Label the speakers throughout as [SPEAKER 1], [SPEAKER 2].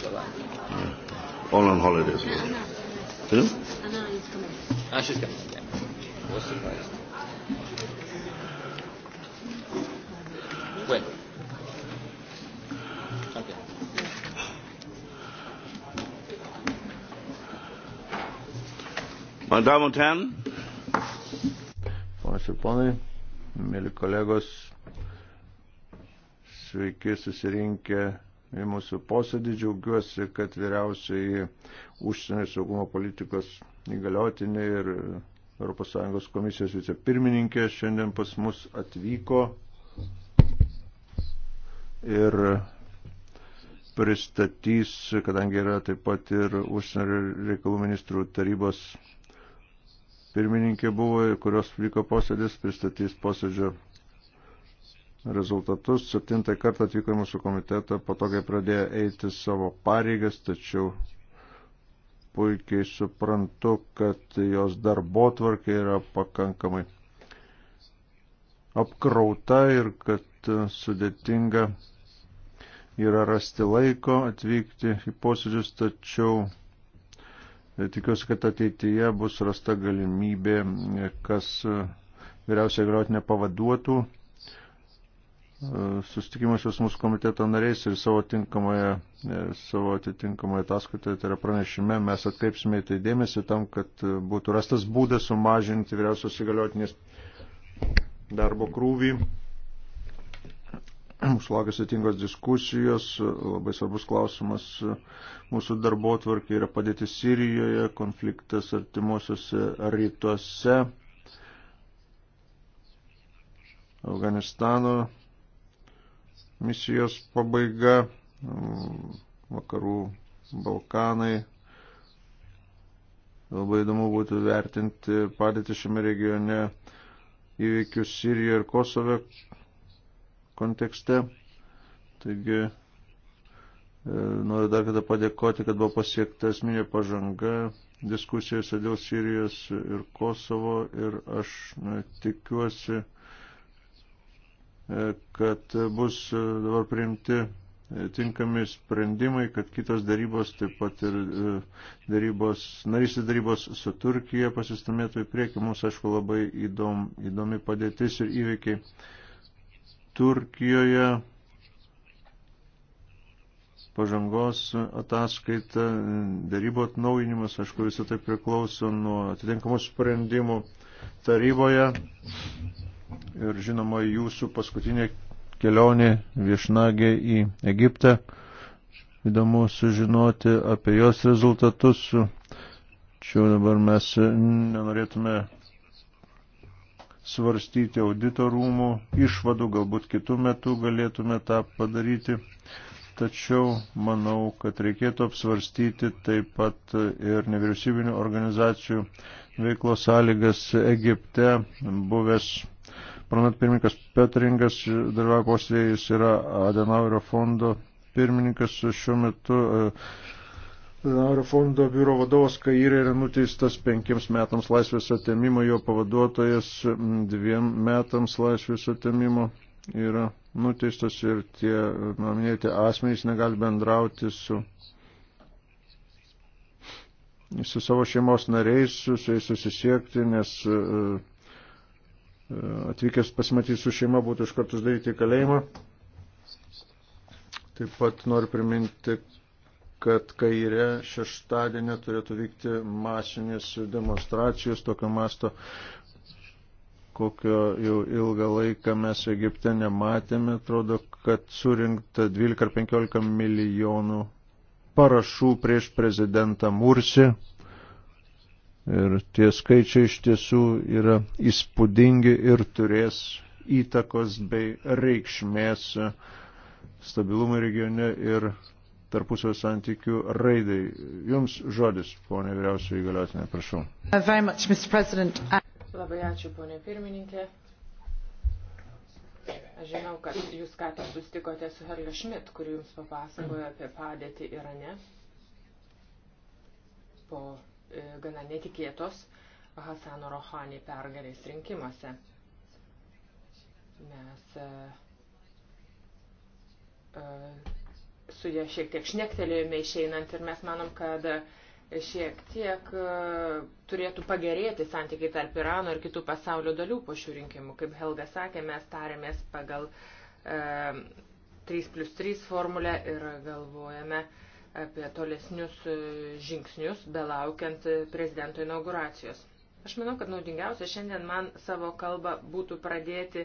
[SPEAKER 1] Yeah. All on holidays. Anna, Anna. Who? Anna
[SPEAKER 2] is coming.
[SPEAKER 3] Ah, she's coming. Yeah. I was surprised.
[SPEAKER 2] When? Okay.
[SPEAKER 1] Meine Damen und Herren, Ponas ir ponai, mėly kolegos, sveiki susirinkę į mūsų posėdį. Džiaugiuosi, kad vyriausiai užsienio saugumo politikos įgaliotinė ir ES komisijos vicepirmininkė šiandien pas mus atvyko ir pristatys, kadangi yra taip pat ir užsienio reikalų ministrų tarybos pirmininkė buvo, kurios vyko posėdis, pristatys posėdžio rezultatus. Septintą kartą atvyko į mūsų komitetą, po to, kai pradėjo eiti savo pareigas, tačiau puikiai suprantu, kad jos darbo tvarkė yra pakankamai apkrauta ir kad sudėtinga yra rasti laiko atvykti į posėdžius, tačiau tikiuosi, kad ateityje bus rasta galimybė, kas vyriausiai galiotinė pavaduotų susitikimuose su mūsų komiteto nariais ir savo, tinkamoje, e, savo atitinkamoje ataskaitoje, tai yra pranešime, mes atkreipsime į tai dėmesį tam, kad e, būtų rastas būdas sumažinti vyriausios įgaliotinės darbo krūvį. Mūsų laukia sėtingos diskusijos, labai svarbus klausimas mūsų darbo tvarkiai yra padėti Sirijoje, konfliktas artimuosiuose rytuose, Afganistano misijos pabaiga, vakarų Balkanai. Labai įdomu būtų vertinti padėtį šiame regione įvykius Sirijoje ir Kosove kontekste. Taigi e, noriu dar kada padėkoti, kad buvo pasiekta esminė pažanga diskusijose dėl Sirijos ir Kosovo ir aš na, tikiuosi, kad bus dabar priimti tinkami sprendimai, kad kitos darybos, taip pat ir e, darybos, narystės darybos su Turkija pasistumėtų į priekį. Mums, aišku, labai įdom, įdomi padėtis ir įveikiai Turkijoje pažangos ataskaita, darybo atnaujinimas, aišku, visą tai priklauso nuo atitinkamų sprendimų taryboje ir žinoma jūsų paskutinė kelionė viešnagė į Egiptą. Įdomu sužinoti apie jos rezultatus. Čia dabar mes nenorėtume svarstyti audito rūmų išvadų, galbūt kitų metų galėtume tą padaryti. Tačiau manau, kad reikėtų apsvarstyti taip pat ir nevyriausybinių organizacijų veiklos sąlygas Egipte. Buvęs Parlamento pirmininkas Petringas dalyvauja posėdėje, jis yra Adenauerio fondo pirmininkas šiuo metu. E, Adenauerio fondo biuro vadovas Kairė yra nuteistas penkiems metams laisvės atėmimo, jo pavaduotojas dviem metams laisvės atėmimo yra nuteistas ir tie, na, minėti, asmenys negali bendrauti su su savo šeimos nariais, su jais susisiekti, nes e, atvykęs pasimatyti su šeima būtų iš karto uždaryti į kalėjimą. Taip pat noriu priminti, kad kairė šeštadienė turėtų vykti masinės demonstracijos tokio masto, kokio jau ilgą laiką mes Egipte nematėme. Atrodo, kad surinkta 12 ar 15 milijonų parašų prieš prezidentą Mursi. Ir tie skaičiai iš tiesų yra įspūdingi ir turės įtakos bei reikšmės stabilumui regione ir tarpusio santykių raidai. Jums žodis, ponė vyriausiai įgaliotinė, prašau.
[SPEAKER 3] Uh,
[SPEAKER 2] Labai ačiū, ponė pirmininkė. Aš žinau, kad jūs ką tik sustikote su Herle Schmidt, kuri jums papasakojo apie padėtį Irane po E, gana netikėtos Hasano Rohani pergalės rinkimuose. Mes e, e, su ja šiek tiek šnektelėjome išeinant ir mes manom, kad šiek tiek turėtų pagerėti santykiai tarp Irano ir kitų pasaulio dalių po šių rinkimų. Kaip Helga sakė, mes tarėmės pagal 3 plus 3 formulę ir galvojame, apie tolesnius e, žingsnius, belaukiant e, prezidento inauguracijos. Aš manau, kad naudingiausia šiandien man savo kalbą būtų pradėti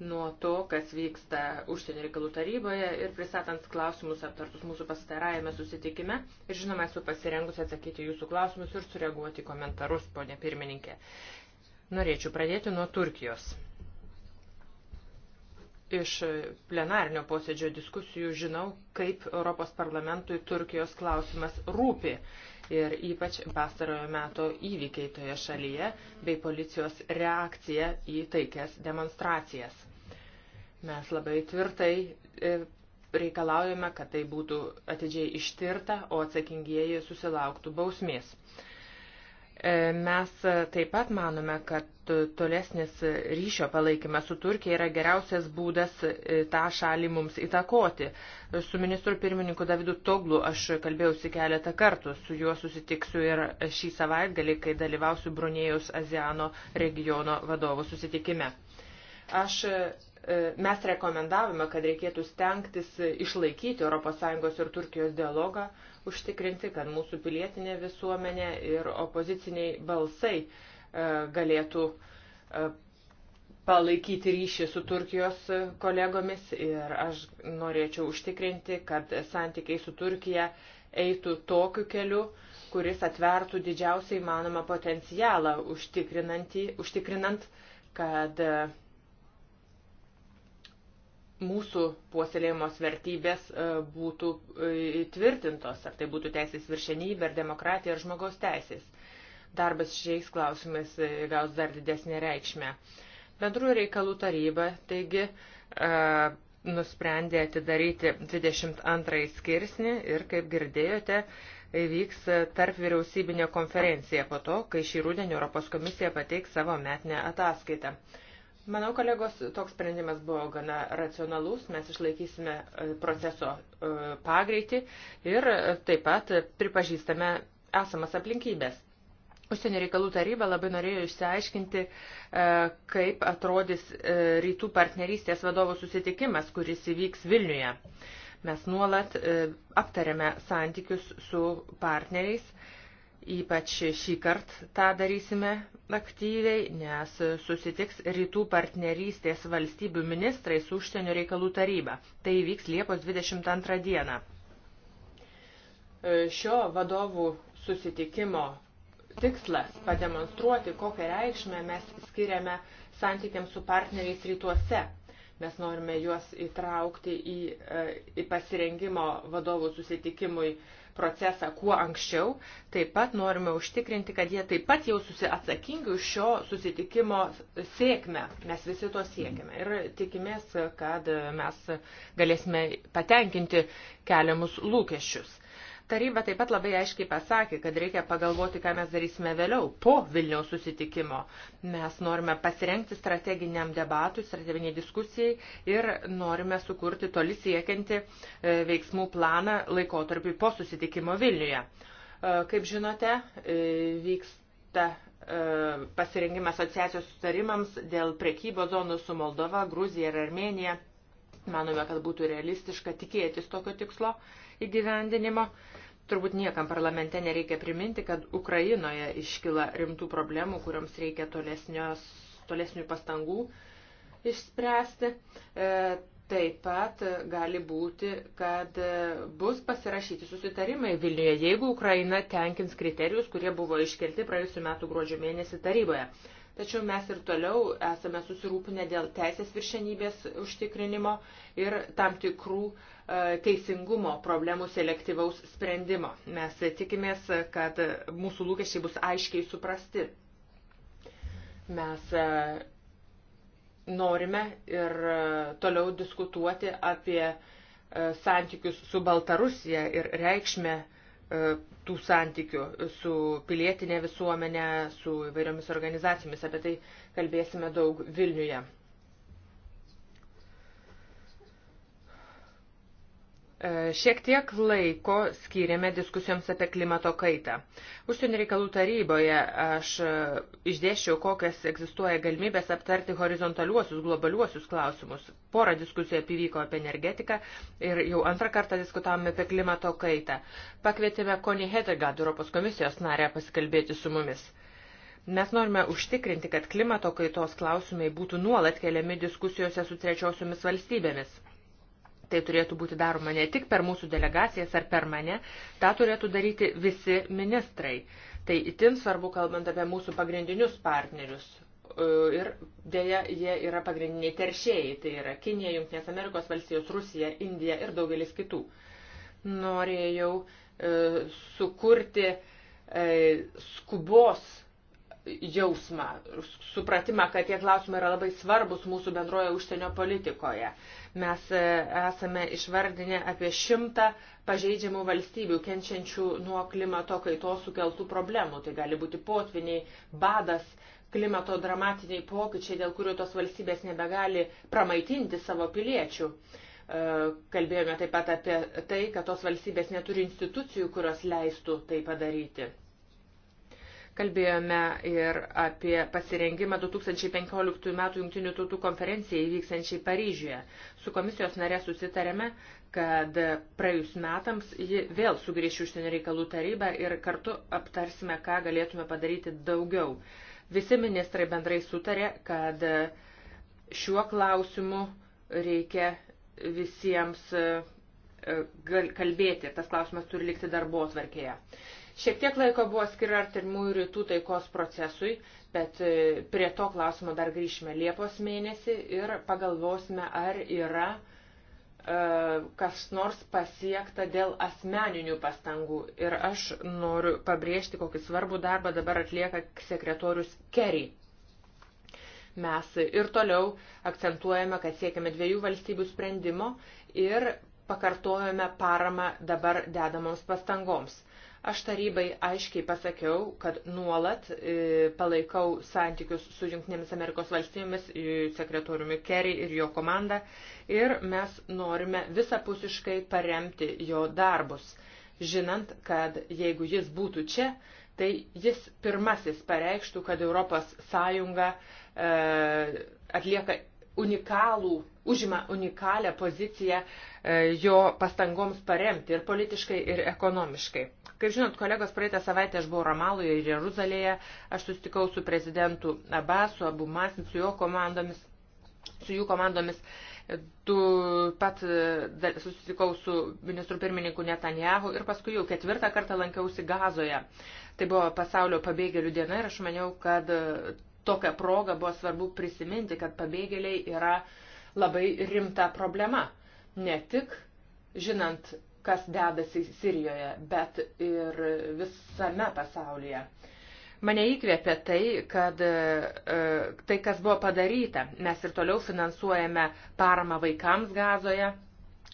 [SPEAKER 2] nuo to, kas vyksta užsienio reikalų taryboje ir pristatant klausimus aptartus mūsų pastarajame susitikime. Ir žinoma, esu pasirengusi atsakyti jūsų klausimus ir sureaguoti komentarus, ponė pirmininkė. Norėčiau pradėti nuo Turkijos iš plenarnio posėdžio diskusijų žinau, kaip Europos parlamentui Turkijos klausimas rūpi ir ypač pastarojo meto įvykiai toje šalyje bei policijos reakcija į taikias demonstracijas. Mes labai tvirtai e, reikalaujame, kad tai būtų atidžiai ištirta, o atsakingieji susilauktų bausmės. E, mes taip pat manome, kad tolesnis ryšio palaikymas su Turkija yra geriausias būdas e, tą šalį mums įtakoti. Su ministru pirmininku Davidu Toglu aš kalbėjausi keletą kartų, su juo susitiksiu ir šį savaitgalį, kai dalyvausiu Brunėjus Aziano regiono vadovų susitikime. Aš Mes rekomendavome, kad reikėtų stengtis išlaikyti ES ir Turkijos dialogą, užtikrinti, kad mūsų pilietinė visuomenė ir opoziciniai balsai e, galėtų e, palaikyti ryšį su Turkijos kolegomis ir aš norėčiau užtikrinti, kad santykiai su Turkija eitų tokiu keliu, kuris atvertų didžiausiai manomą potencialą, užtikrinant, kad e, mūsų puoselėjimos vertybės e, būtų e, tvirtintos, ar tai būtų teisės viršenybė, ar demokratija, ar žmogaus teisės. Darbas šiais klausimais e, gaus dar didesnį reikšmę. Bendrųjų reikalų taryba, taigi, nusprendė atidaryti 22 skirsnį ir, kaip girdėjote, vyks tarp vyriausybinė konferencija po to, kai šį rūdienį Europos komisija pateiks savo metinę ataskaitą. Manau, kolegos, toks sprendimas buvo gana racionalus, mes išlaikysime e, proceso e, pagreitį ir e, taip pat pripažįstame esamas aplinkybės. Užsienio reikalų taryba labai norėjo išsiaiškinti, kaip atrodys rytų partnerystės vadovų susitikimas, kuris įvyks Vilniuje. Mes nuolat aptarėme santykius su partneriais Ypač šį kartą tą darysime aktyviai, nes susitiks rytų partnerystės valstybių ministrai su užsienio reikalų taryba. Tai įvyks Liepos 22 dieną. Šio vadovų susitikimo tikslas – pademonstruoti, kokią reikšmę mes skiriame santykiams su partneriais rytuose. Mes norime juos įtraukti į, e, į pasirengimo vadovų susitikimui uh, procesą kuo anksčiau, taip pat norime užtikrinti, kad jie taip pat jau atsakingi už šio susitikimo sėkmę. Mes visi to siekime ir tikimės, kad mes galėsime patenkinti keliamus lūkesčius. Taryba taip pat labai aiškiai pasakė, kad reikia pagalvoti, ką mes darysime vėliau, po Vilniaus susitikimo. Mes norime pasirengti strateginiam debatui, strateginiai diskusijai ir norime sukurti toli siekianti e, veiksmų planą laikotarpį po susitikimo Vilniuje. E, kaip žinote, e, vyksta pasirengimą asociacijos sutarimams dėl prekybos zonų su Moldova, Gruzija ir Armenija. Manome, kad būtų realistiška tikėtis tokio tikslo įgyvendinimo. Uh, Turbūt niekam parlamente nereikia priminti, kad Ukrainoje iškyla rimtų problemų, kurioms reikia tolesnių pastangų išspręsti. E, taip pat gali būti, kad bus pasirašyti susitarimai Vilniuje, jeigu Ukraina tenkins kriterijus, kurie buvo iškelti praėjusiu metu gruodžio mėnesį taryboje tačiau mes ir toliau esame susirūpinę dėl teisės viršenybės užtikrinimo ir tam tikrų e, teisingumo problemų selektyvaus sprendimo. Mes tikimės, kad mūsų lūkesčiai bus aiškiai suprasti. Mes e, norime ir e, toliau diskutuoti apie santykius su Baltarusija ir reikšmę E, tų santykių su pilietinė visuomenė, su įvairiomis organizacijomis. Apie tai kalbėsime daug Vilniuje. E, šiek tiek laiko skyrėme diskusijoms apie klimato kaitą. Užsienio reikalų taryboje aš e, išdėščiau, kokias egzistuoja galimybės aptarti horizontaliuosius, globaliuosius klausimus. Porą diskusijų apivyko apie energetiką ir jau antrą kartą diskutavome apie klimato kaitą. Pakvietėme Koni Hedegad, Europos komisijos narę, pasikalbėti su mumis. Mes norime užtikrinti, kad klimato kaitos klausimai būtų nuolat keliami diskusijose su trečiosiomis valstybėmis. Tai turėtų būti daroma ne tik per mūsų delegacijas ar per mane, tą turėtų daryti visi ministrai. Tai itin svarbu, kalbant apie mūsų pagrindinius partnerius. E, ir dėja, jie yra pagrindiniai teršėjai. Tai yra Kinija, Junktinės Amerikos valstijos, Rusija, Indija ir daugelis kitų. Norėjau e, sukurti e, skubos jausmą, supratimą, kad tie klausimai yra labai svarbus mūsų bendroje užsienio politikoje. Mes e, esame išvardinę apie šimtą pažeidžiamų valstybių, kenčiančių nuo klimato kaitos sukeltų problemų. Tai gali būti potviniai, badas, klimato dramatiniai pokyčiai, dėl kurių tos valstybės nebegali pramaitinti savo piliečių. E, kalbėjome taip pat apie tai, kad tos valstybės neturi institucijų, kurios leistų tai padaryti. Kalbėjome ir apie pasirengimą 2015 m. Junktinių tautų konferencijai įvyksančiai Paryžiuje. Su komisijos narė susitarėme, kad praėjus metams ji vėl sugrįš užsienio reikalų tarybą ir kartu aptarsime, ką galėtume padaryti daugiau. Visi ministrai bendrai sutarė, kad šiuo klausimu reikia visiems e, kalbėti ir tas klausimas turi likti darbo atvarkėje. Šiek tiek laiko buvo skiria artimųjų rytų taikos procesui, bet e, prie to klausimo dar grįšime Liepos mėnesį ir pagalvosime, ar yra e, kas nors pasiekta dėl asmeninių pastangų. Ir aš noriu pabrėžti, kokį svarbų darbą dabar atlieka sekretorius Kerry. Mes ir toliau akcentuojame, kad siekiame dviejų valstybių sprendimo ir pakartojame paramą dabar dedamoms pastangoms Aš tarybai aiškiai pasakiau, kad nuolat e, palaikau santykius su Junktinėmis Amerikos valstybėmis, e, sekretoriumi Kerry ir jo komanda ir mes norime visapusiškai paremti jo darbus, žinant, kad jeigu jis būtų čia, tai jis pirmasis pareikštų, kad Europos Sąjunga e, atlieka unikalų, užima unikalią poziciją e, jo pastangoms paremti ir politiškai, ir ekonomiškai. Kaip žinot, kolegos, praeitą savaitę aš buvau Ramaloje ir Jeruzalėje, aš susitikau su prezidentu Abasu, Abu Masin, su jo komandomis, su jų komandomis. Tu pat e, susitikau su ministru pirmininku Netanjahu ir paskui jau ketvirtą kartą lankiausi Gazoje. Tai buvo pasaulio pabėgėlių diena ir aš maniau, kad e, tokią progą buvo svarbu prisiminti, kad pabėgėliai yra labai rimta problema. Ne tik žinant kas dedasi Sirijoje, bet ir visame pasaulyje. Mane įkvėpė tai, kad e, tai, kas buvo padaryta, mes ir toliau finansuojame paramą vaikams gazoje.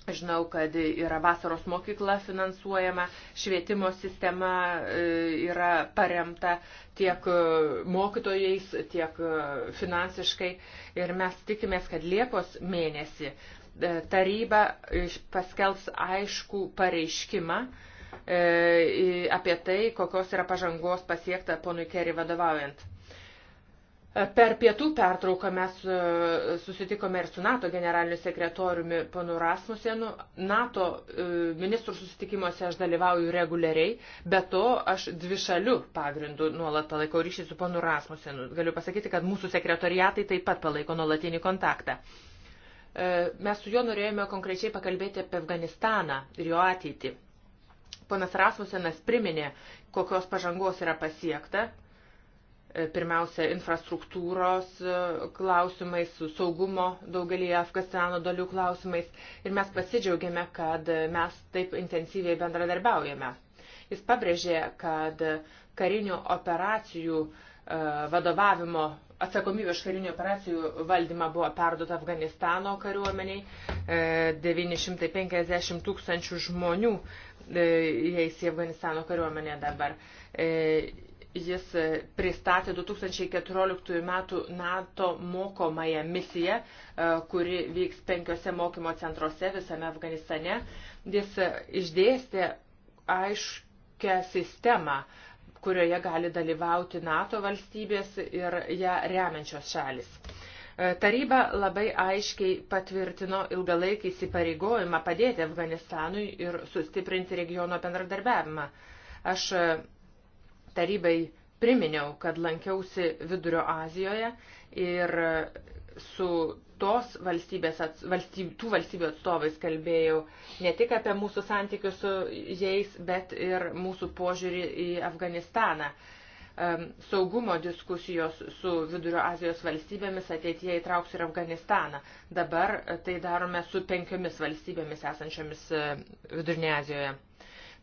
[SPEAKER 2] Žinau, kad yra vasaros mokykla finansuojama, švietimo sistema e, yra paremta tiek e, mokytojais, tiek finansiškai. Ir mes tikimės, kad Liepos mėnesį E, taryba paskelbs aišku pareiškimą e, apie tai, kokios yra pažangos pasiekta ponui Kerry vadovaujant. E, per pietų pertrauką mes susitikome ir su NATO generaliniu sekretoriumi ponu Rasmusenu. NATO ministrų susitikimuose aš dalyvauju reguliariai, be to aš dvi šalių pagrindų nuolat palaikau ryšį su ponu Rasmusenu. Galiu pasakyti, kad mūsų sekretoriatai taip pat palaiko nuolatinį kontaktą. E, mes su juo norėjome konkrečiai pakalbėti apie Afganistaną ir jo ateitį. Ponas Rasmusenas priminė, kokios pažangos yra pasiekta. E, pirmiausia, infrastruktūros e, klausimais, saugumo daugelį Afganistano dalių klausimais. Ir mes pasidžiaugiame, kad mes taip intensyviai bendradarbiaujame. Jis pabrėžė, kad karinių operacijų vadovavimo atsakomybė už karinių operacijų valdymą buvo perduota Afganistano kariuomeniai. 950 e, tūkstančių žmonių jais e, į Afganistano kariuomenę dabar. E, jis pristatė 2014 m. NATO mokomąją misiją, kuri vyks penkiose mokymo centruose visame Afganistane. Jis išdėstė aiškę sistemą, kurioje gali dalyvauti NATO valstybės ir ją remiančios šalis. E, taryba labai aiškiai patvirtino ilgalaikį įsipareigojimą padėti Afganistanui ir sustiprinti regiono bendradarbiavimą. Aš e, tarybai priminiau, kad lankiausi Vidurio Azijoje ir e, su tos valstybės, valstyb, tų valstybių atstovais kalbėjau ne tik apie mūsų santykius su jais, bet ir mūsų požiūrį į Afganistaną. Saugumo diskusijos su Vidurio Azijos valstybėmis ateityje įtrauks ir Afganistaną. Dabar tai darome su penkiomis valstybėmis esančiomis e, Vidurinėje Azijoje.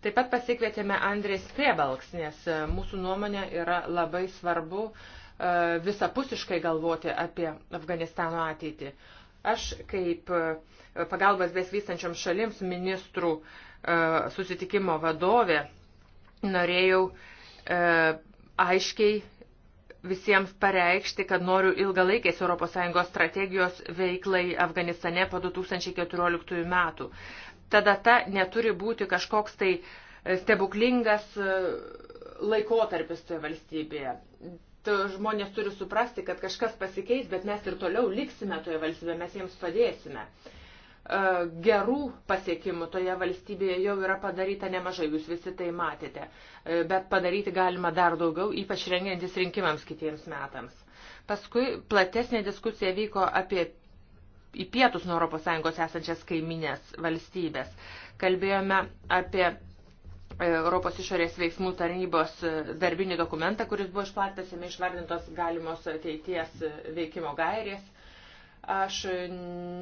[SPEAKER 2] Taip pat pasikvietėme Andrės Priebalks, nes e, mūsų nuomonė yra labai svarbu uh, E, visapusiškai galvoti apie Afganistano ateitį. Aš kaip e, pagalbas besvystančiam šalims ministrų e, susitikimo vadovė norėjau aiškiai visiems pareikšti, kad noriu ilgalaikės ES strategijos veiklai Afganistane po 2014 metų. Tada ta neturi būti kažkoks tai stebuklingas laikotarpis toje valstybėje žmonės turi suprasti, kad kažkas pasikeis, bet mes ir toliau liksime toje valstybėje, mes jiems padėsime. E, gerų pasiekimų toje valstybėje jau yra padaryta nemažai, jūs visi tai matėte, e, bet padaryti galima dar daugiau, ypač rengiantis rinkimams kitiems metams. Paskui platesnė diskusija vyko apie į pietus nuo ES esančias kaiminės valstybės. Kalbėjome apie Europos išorės veiksmų tarnybos e, darbinį dokumentą, kuris buvo išplatęs, jame išvardintos galimos ateities e, veikimo gairės. Aš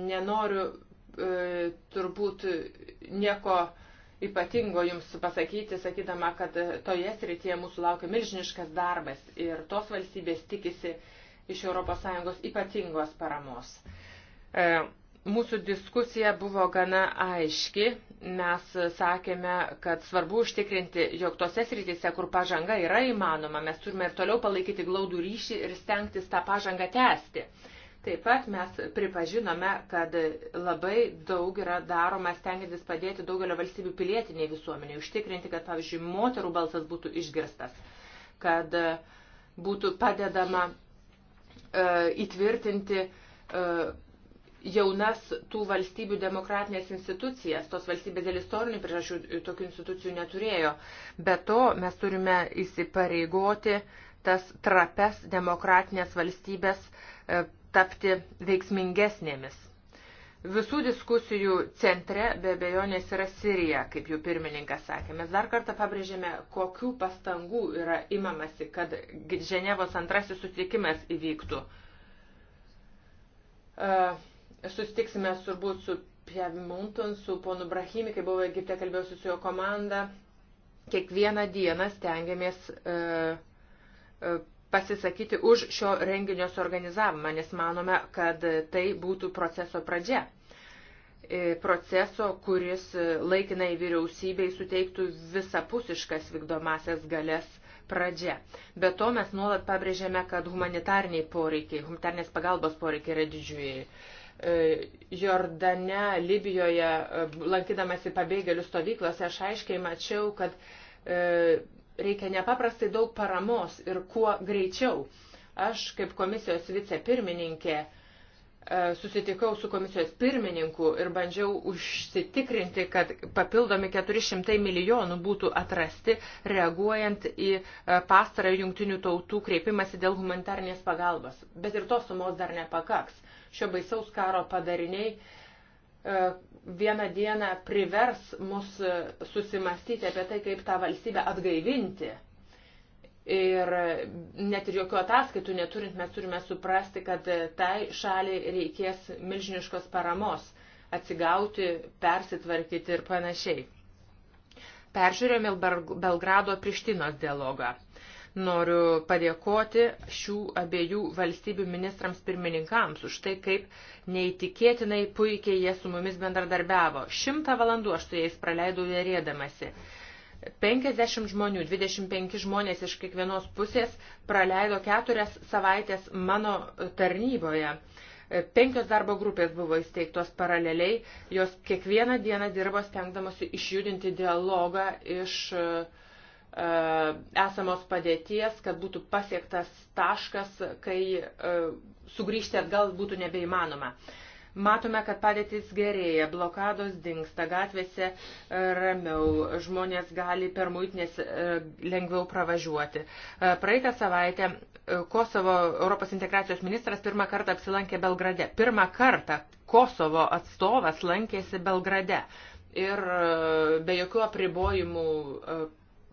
[SPEAKER 2] nenoriu e, turbūt nieko ypatingo jums pasakyti, sakydama, kad e, toje srityje mūsų laukia milžiniškas darbas ir tos valstybės tikisi iš ES ypatingos paramos. E, Mūsų diskusija buvo gana aiški. Mes sakėme, kad svarbu užtikrinti, jog tose srityse, kur pažanga yra įmanoma, mes turime ir toliau palaikyti glaudų ryšį ir stengtis tą pažangą tęsti. Taip pat mes pripažinome, kad labai daug yra daroma stengiantis padėti daugelio valstybių pilietiniai visuomeniai, užtikrinti, kad, pavyzdžiui, moterų balsas būtų išgirstas, kad būtų padedama e, įtvirtinti e, jaunas tų valstybių demokratinės institucijas. Tos valstybės dėl istorinių priežasčių tokių institucijų neturėjo. Be to mes turime įsipareigoti tas trapes demokratinės valstybės e, tapti veiksmingesnėmis. Visų diskusijų centre be abejonės yra Sirija, kaip jų pirmininkas sakė. Mes dar kartą pabrėžėme, kokių pastangų yra imamasi, kad Ženevos antrasis susitikimas įvyktų. Uh, Sustiksime turbūt su Piemonton, su ponu Brahimi, kai buvau Egipte, kalbėjausi su jo komanda. Kiekvieną dieną stengiamės uh, uh, pasisakyti už šio renginio suorganizavimą, nes manome, kad tai būtų proceso pradžia. E, proceso, kuris laikinai vyriausybei suteiktų visapusiškas vykdomasias galės pradžia. Be to mes nuolat pabrėžiame, kad humanitarniai poreikiai, humanitarnės pagalbos poreikiai yra didžiuliai. E, Jordane, Libijoje, e, lankydamasi pabėgėlių stovyklose, aš aiškiai mačiau, kad e, reikia nepaprastai daug paramos ir kuo greičiau. Aš kaip komisijos vicepirmininkė susitikau su komisijos pirmininku ir bandžiau užsitikrinti, kad papildomi 400 milijonų būtų atrasti, reaguojant į pastarą jungtinių tautų kreipimąsi dėl humanitarnės pagalbos. Bet ir tos sumos dar nepakaks šio baisaus karo padariniai e, vieną dieną privers mus e, susimastyti apie tai, kaip tą valstybę atgaivinti. Ir net ir jokių ataskaitų neturint, mes turime suprasti, kad tai šaliai reikės milžiniškos paramos atsigauti, persitvarkyti ir panašiai. Peržiūrėjome Belgrado Prištinos dialogą. Noriu padėkoti šių abiejų valstybių ministrams pirmininkams už tai, kaip neįtikėtinai puikiai jie su mumis bendradarbiavo. Šimtą valandų aš su jais praleidau dėrėdamasi. 50 žmonių, 25 žmonės iš kiekvienos pusės praleido keturias savaitės mano tarnyboje. Penkios darbo grupės buvo įsteigtos paraleliai, jos kiekvieną dieną dirbo stengdamosi išjudinti dialogą iš uh, E, esamos padėties, kad būtų pasiektas taškas, kai e, sugrįžti atgal būtų nebeįmanoma. Matome, kad padėtis gerėja, blokados dinksta, gatvėse e, ramiau, žmonės gali per muitinės lengviau pravažiuoti. Praeitą savaitę Kosovo Europos integracijos ministras pirmą kartą apsilankė Belgrade. Pirmą kartą Kosovo atstovas lankėsi Belgrade ir be jokių apribojimų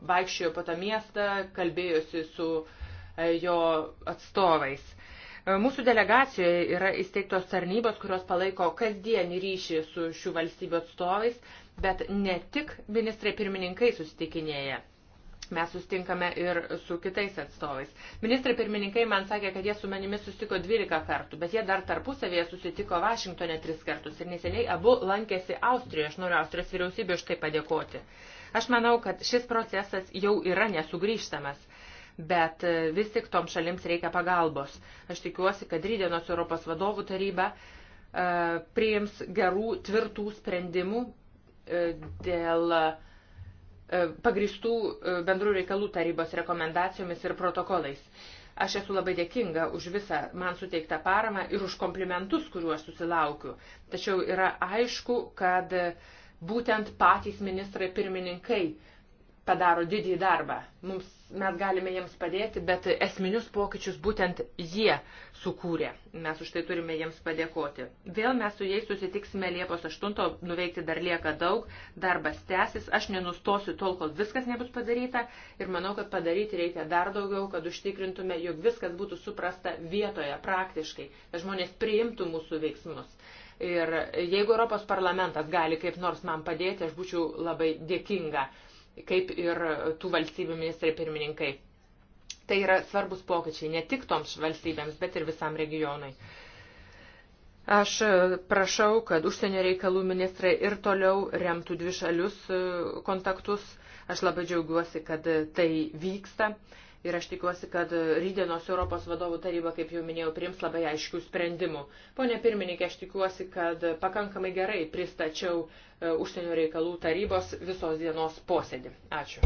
[SPEAKER 2] vaikščiojo po tą miestą, kalbėjosi su e, jo atstovais. E, mūsų delegacijoje yra įsteigtos tarnybos, kurios palaiko kasdienį ryšį su šių valstybių atstovais, bet ne tik ministrai pirmininkai susitikinėja. Mes sustinkame ir su kitais atstovais. Ministrai pirmininkai man sakė, kad jie su manimi susitiko 12 kartų, bet jie dar tarpusavėje susitiko Vašingtone 3 kartus ir neseniai abu lankėsi Austrijoje. Aš noriu Austrijos vyriausybė už tai padėkoti. Uh, Aš manau, kad šis procesas jau yra nesugrįžtamas bet e, vis tik tom šalims reikia pagalbos. Aš tikiuosi, kad rydienos Europos vadovų taryba e, priims gerų, tvirtų sprendimų e, dėl pagristų bendrų reikalų tarybos rekomendacijomis ir protokolais. Aš esu labai dėkinga už visą man suteiktą paramą ir už komplimentus, kuriuos susilaukiu. Tačiau yra aišku, kad uh, Būtent patys ministrai pirmininkai padaro didį darbą. Mums, mes galime jiems padėti, bet esminius pokyčius būtent jie sukūrė. Mes už tai turime jiems padėkoti. Vėl mes su jais susitiksime Liepos 8, nuveikti dar lieka daug, darbas tęsis, aš nenustosiu tol, kol viskas nebus padaryta ir manau, kad padaryti reikia dar daugiau, kad užtikrintume, jog viskas būtų suprasta vietoje, praktiškai, kad žmonės priimtų mūsų veiksmus. Ir jeigu Europos parlamentas gali kaip nors man padėti, aš būčiau labai dėkinga, kaip ir tų valstybių ministrai pirmininkai. Tai yra svarbus pokyčiai ne tik toms valstybėms, bet ir visam regionui. Aš prašau, kad užsienio reikalų ministrai ir toliau remtų dvišalius kontaktus. Aš labai džiaugiuosi, kad tai vyksta ir aš tikiuosi, kad rydienos Europos vadovų taryba, kaip jau minėjau, priims labai aiškių sprendimų. Pone pirmininkė, aš tikiuosi, kad pakankamai gerai pristačiau e, užsienio reikalų tarybos visos dienos posėdį. Ačiū.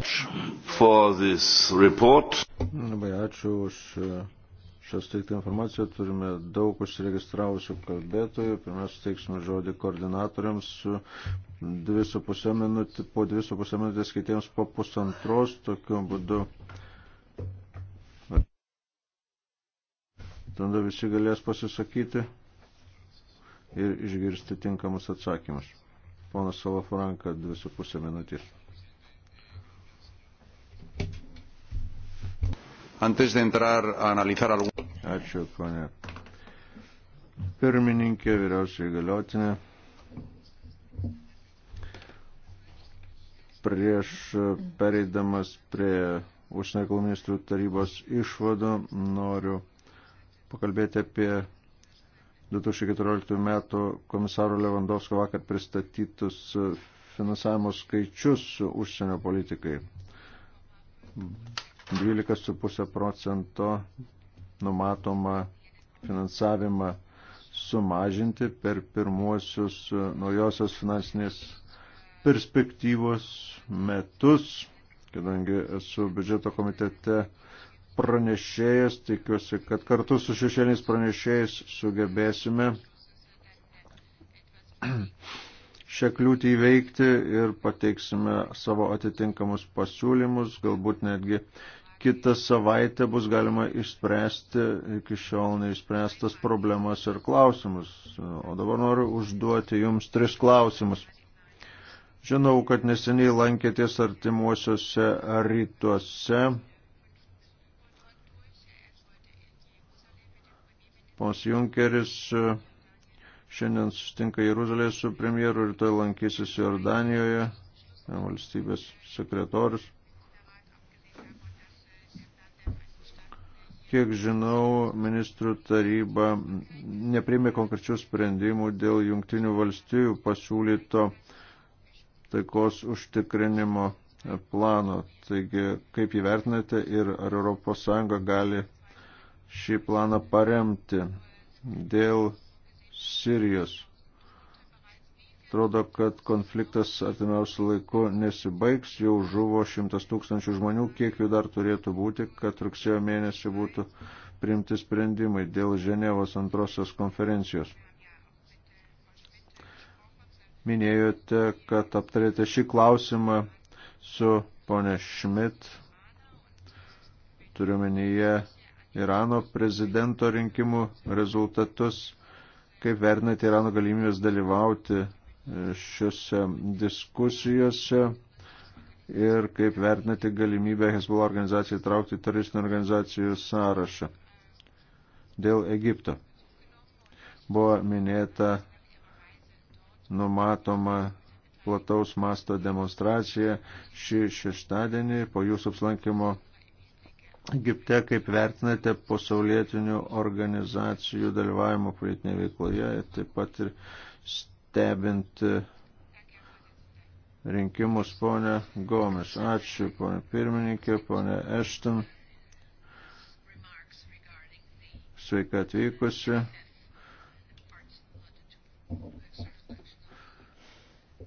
[SPEAKER 1] Labai ačiū už e, šios teiktą informaciją. Turime daug užsiregistravusių kalbėtojų. Pirmiausia, teiksime žodį koordinatoriams dvi su pusė minutė, po dvi su pusė minutės kitiems po pusantros. Tokiu būdu. Tada visi galės pasisakyti ir išgirsti tinkamus atsakymus. Ponas Salafranka, dvi su pusė minutės. Antes de entrar a analizar algún... Ačiū, ponė. Pirmininkė, vyriausiai galiotinė. Prieš pereidamas prie užsienio ministrų tarybos išvadų noriu pakalbėti apie 2014 metų komisaro Levandovskio vakar pristatytus finansavimo skaičius užsienio politikai. 12,5 procento numatoma finansavimą sumažinti per pirmuosius naujosios finansinės perspektyvos metus, kadangi esu biudžeto komitete pranešėjas, tikiuosi, kad kartu su šešėliniais pranešėjais sugebėsime šią kliūtį įveikti ir pateiksime savo atitinkamus pasiūlymus, galbūt netgi kitą savaitę bus galima išspręsti iki šiol neišspręstas problemas ir klausimus. O dabar noriu užduoti jums tris klausimus. Žinau, kad neseniai lankėtės artimuosiuose rytuose. Pons Junkeris e, šiandien sustinka Jeruzalėje su premjeru, rytoj lankysis Jordanijoje, valstybės sekretorius. Kiek žinau, ministrų taryba neprimė konkrečių sprendimų dėl jungtinių valstybių pasiūlyto taikos užtikrinimo plano. Taigi, kaip įvertinate ir ar ES gali šį planą paremti dėl Sirijos. Atrodo, kad konfliktas artimiausių laiku nesibaigs, jau žuvo šimtas tūkstančių žmonių, kiek jų dar turėtų būti, kad rugsėjo mėnesį būtų priimti sprendimai dėl Ženevos antrosios konferencijos. Minėjote, kad aptarėte šį klausimą su ponė Šmit, turiuomenyje Irano prezidento rinkimų rezultatus, kaip vertinate Irano galimybės dalyvauti e, šiuose diskusijose ir kaip vertinate galimybę Hezbollah organizaciją traukti teroristinių organizacijų sąrašą. Dėl Egipto buvo minėta numatoma plataus masto demonstracija šį šeštadienį po jūsų apslankimo Egipte, kaip vertinate pasaulietinių organizacijų dalyvavimo politinėje veikloje, taip pat ir stebint rinkimus ponė Gomes. Ačiū, ponė pirmininkė, ponė Ešton. Sveika atvykusi.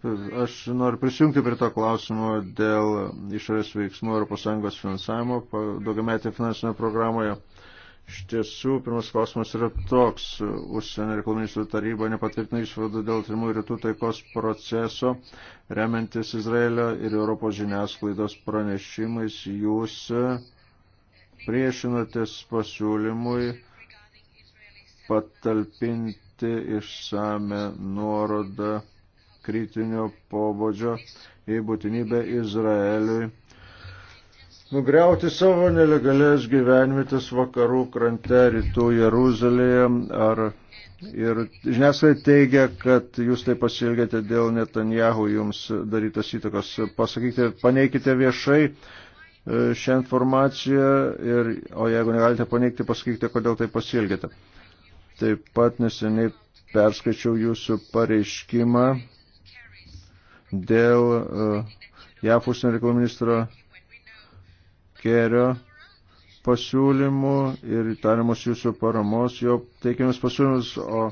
[SPEAKER 1] Taip, aš noriu prisijungti prie to klausimo dėl išorės veiksmų ES finansavimo daugiametė finansinėje programoje. Iš tiesų, pirmas klausimas yra toks. Užsienio reikalų ministrų taryba nepatvirtina išvadų dėl trimų rytų taikos proceso, remiantis Izraelio ir Europos žiniasklaidos pranešimais. Jūs priešinotės pasiūlymui patalpinti išsame nuorodą kritinio pobūdžio į būtinybę Izraeliui nugriauti savo nelegalės gyvenvietės vakarų krante, rytų Jeruzalėje. Ar, ir žiniasklaida teigia, kad jūs tai pasilgėte dėl Netanjahu jums darytos įtakos. Pasakykite, paneikite viešai e, šią informaciją, ir, o jeigu negalite paneigti, pasakykite, kodėl tai pasilgėte. Taip pat neseniai perskaičiau jūsų pareiškimą dėl e, JAF užsienio reikalų ministro Kerio pasiūlymų ir tariamos jūsų paramos, jo teikiamus pasiūlymus, o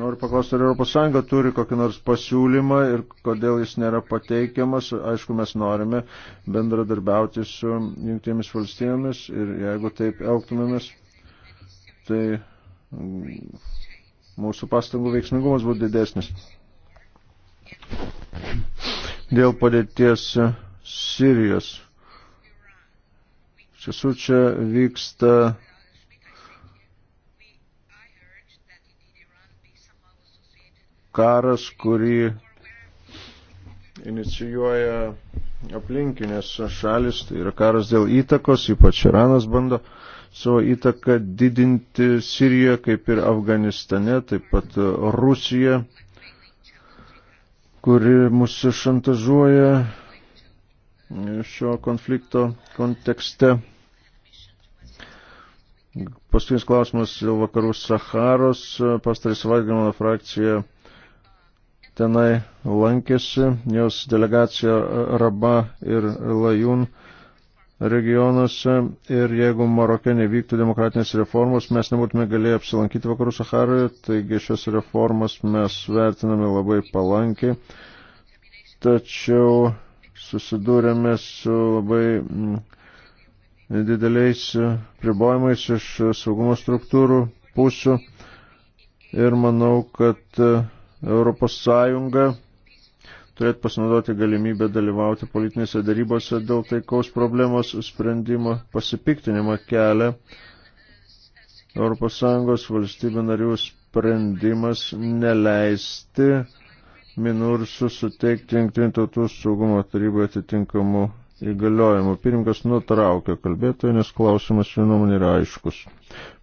[SPEAKER 1] noriu paklausti, ar ES turi kokį nors pasiūlymą ir kodėl jis nėra pateikiamas. Aišku, mes norime bendradarbiauti su jungtėmis valstybėmis ir jeigu taip elgtumėmės, tai mm, mūsų pastangų veiksmingumas būtų didesnis. Dėl padėties Sirijos. Šiesų čia vyksta karas, kurį inicijuoja aplinkinės šalis, tai yra karas dėl įtakos, ypač Iranas bando savo įtaką didinti Siriją, kaip ir Afganistane, taip pat Rusija kuri mus šantažuoja šio konflikto kontekste. Paskutinis klausimas dėl vakarų Saharos. Pastarį savaitgalį mano frakcija tenai lankėsi, jos delegacija Raba ir Lajun regionuose ir jeigu Marokė nevyktų demokratinės reformos, mes nebūtume galėję apsilankyti Vakarų Saharoje, taigi šias reformas mes vertiname labai palankiai, tačiau susidūrėme su labai mm, dideliais pribojimais iš saugumo struktūrų pusių ir manau, kad e, Europos Sąjunga turėtų pasinaudoti galimybę dalyvauti politinėse darybose dėl taikaus problemos sprendimo pasipiktinimą kelią ES valstybių narių sprendimas neleisti Minursu suteikti Junktinių tautų saugumo tarybai atitinkamų įgaliojimų. Pirmkas nutraukė kalbėtojų, nes klausimas jų nuomonė yra aiškus.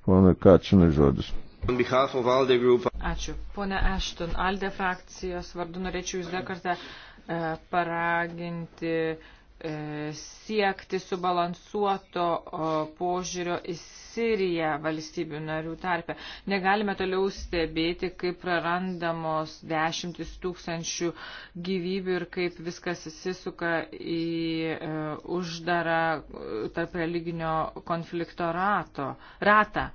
[SPEAKER 1] Ponai Kacinai žodis.
[SPEAKER 3] Ačiū. Pone Ashton, Alde frakcijos vardu norėčiau Jūs dar kartą e, paraginti e, siekti subalansuoto požiūrio į Siriją valstybių narių tarpę. Negalime toliau stebėti, kaip prarandamos dešimtis tūkstančių gyvybių ir kaip viskas įsisuka į e, uždarą tarp religinio konflikto rato, ratą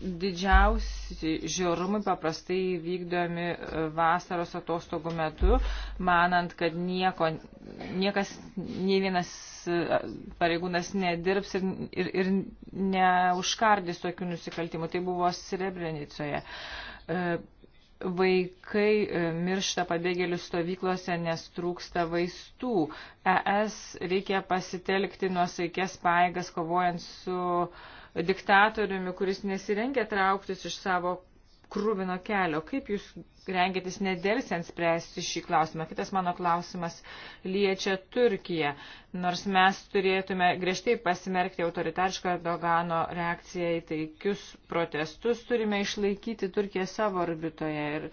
[SPEAKER 3] didžiausi žiaurumai paprastai vykdomi e, vasaros atostogų metu, manant, kad nieko, niekas, nei vienas e, pareigūnas nedirbs ir, ir, ir neužkardys tokių nusikaltimų. Tai buvo Srebrenicoje. E, vaikai miršta pabėgėlių stovyklose, nes trūksta vaistų. ES reikia pasitelkti nuosaikės paėgas, kovojant su uh, diktatoriumi, kuris nesirengia trauktis iš savo krūvino kelio. Kaip jūs rengėtis nedelsiant spręsti šį klausimą? Kitas mano klausimas liečia Turkiją. Nors mes turėtume griežtai pasimerkti autoritarišką Erdogano reakciją į taikius protestus, turime išlaikyti Turkiją savo orbitoje ir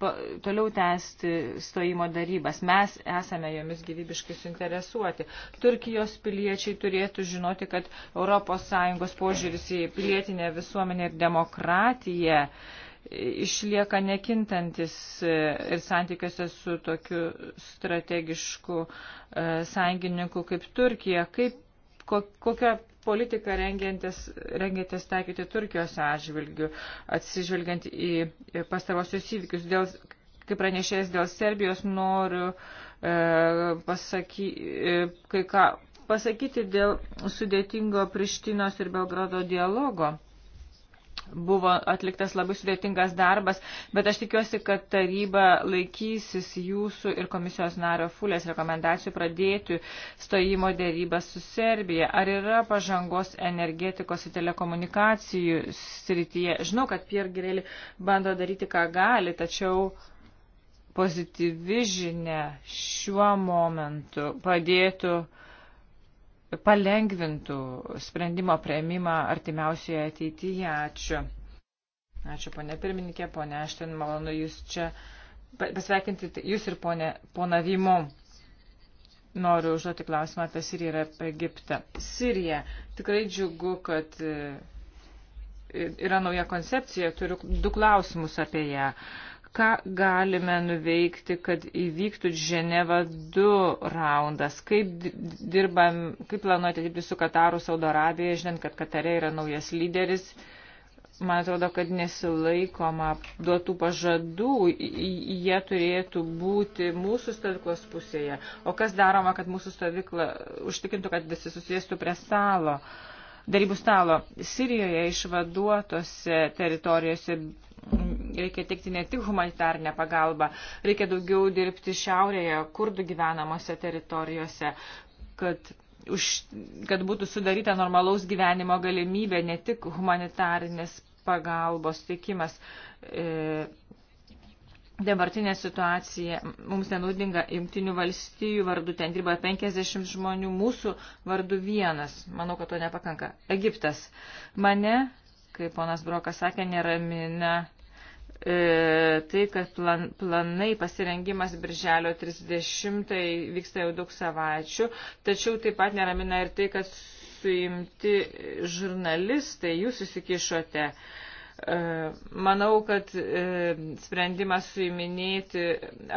[SPEAKER 3] toliau tęsti stojimo darybas. Mes esame jomis gyvybiškai suinteresuoti. Turkijos piliečiai turėtų žinoti, kad ES požiūris į pilietinę visuomenę ir demokratiją uh, išlieka nekintantis e, ir santykiuose su tokiu strategišku e, sąjungininku kaip Turkija. Kaip, kokią politiką rengėtės taikyti Turkijos atžvilgių, atsižvelgiant į pastarosius įvykius? Dėl, kaip pranešėjęs dėl Serbijos, noriu e, pasaky, e, kai ką pasakyti dėl sudėtingo Prištinos ir Belgrado dialogo buvo atliktas labai sudėtingas darbas, bet aš tikiuosi, kad taryba laikysis jūsų ir komisijos nario Fulės rekomendacijų pradėti stojimo dėrybą su Serbija. Ar yra pažangos energetikos ir telekomunikacijų srityje? Žinau, kad Pierre Girelį bando daryti, ką gali, tačiau pozityvi žinia šiuo momentu padėtų uh, palengvintų sprendimo prieimimą artimiausioje ateityje. Ačiū. Ačiū, ponė pirmininkė, ponė Ašten, malonu jūs čia pasveikinti, jūs ir ponė, pona Vymo. Noriu užduoti klausimą apie Siriją ir apie Egiptą. Sirija. Tikrai džiugu, kad e, yra nauja koncepcija. Turiu du klausimus apie ją ką galime nuveikti, kad įvyktų Ženeva 2 raundas, kaip, dirbam, kaip planuojate dirbti su Kataru, Saudo Arabija, žinant, kad Katare yra naujas lyderis. Man atrodo, kad nesilaikoma duotų pažadų, jie turėtų būti mūsų stovyklos pusėje. O kas daroma, kad mūsų stovykla užtikintų, kad visi susėstų prie stalo? Darybų stalo. Sirijoje išvaduotose teritorijose reikia teikti ne tik humanitarnę pagalbą, reikia daugiau dirbti šiaurėje, kurdų gyvenamose teritorijose, kad, už, kad būtų sudaryta normalaus gyvenimo galimybė, ne tik humanitarinės pagalbos teikimas. E, dabartinė situacija mums nenaudinga jungtinių valstijų vardu, ten dirba 50 žmonių, mūsų vardu vienas. Manau, kad to nepakanka. Egiptas. Mane, kaip ponas Brokas sakė, neramina E, tai, kad plan, planai pasirengimas birželio 30 vyksta jau daug savaičių, tačiau taip pat neramina ir tai, kad suimti žurnalistai, jūs įsikišote. E, manau, kad e, sprendimas suiminėti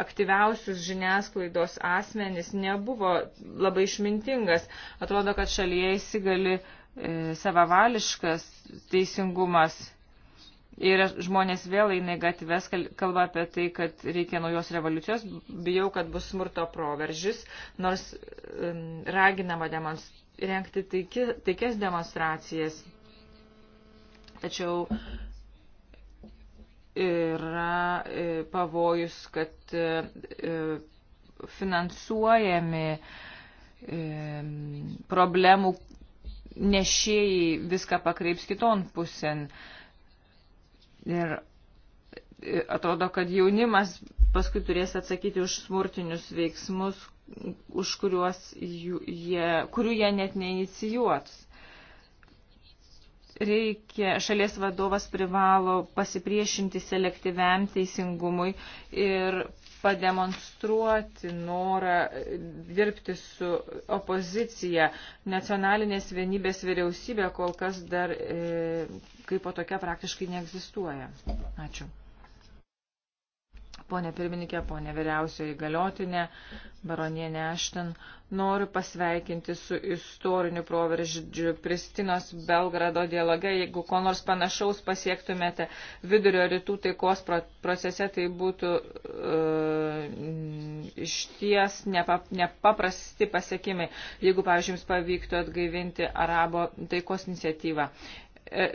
[SPEAKER 3] aktyviausius žiniasklaidos asmenys nebuvo labai išmintingas. Atrodo, kad šalyje įsigali savavališkas teisingumas Ir žmonės vėl eina į gatves, kalba apie tai, kad reikia naujos revoliucijos, bijau, kad bus smurto proveržis, nors um, raginama demonst rengti taiki, taikės demonstracijas. Tačiau yra e, pavojus, kad e, e, finansuojami problemų nešėjai viską pakreips kiton pusėn. Ir e, atrodo, kad jaunimas paskui turės atsakyti už smurtinius veiksmus, už kuriuos jų, jie, kurių jie net neinicijuots. Reikia, šalies vadovas privalo pasipriešinti selektyviam teisingumui ir pademonstruoti norą dirbti su opozicija. Nacionalinės vienybės vyriausybė kol kas dar e, kaip po tokia praktiškai neegzistuoja. Ačiū. Pone pirmininkė, pone vyriausioji galiotinė, baronienė Ašten, noriu pasveikinti su istoriniu proveržiu Pristinos Belgrado dialoge. Jeigu ko nors panašaus pasiektumėte vidurio rytų taikos procese, tai būtų uh, išties nepap, nepaprasti pasiekimai, jeigu, pavyzdžiui, jums pavyktų atgaivinti arabo taikos iniciatyvą. Uh,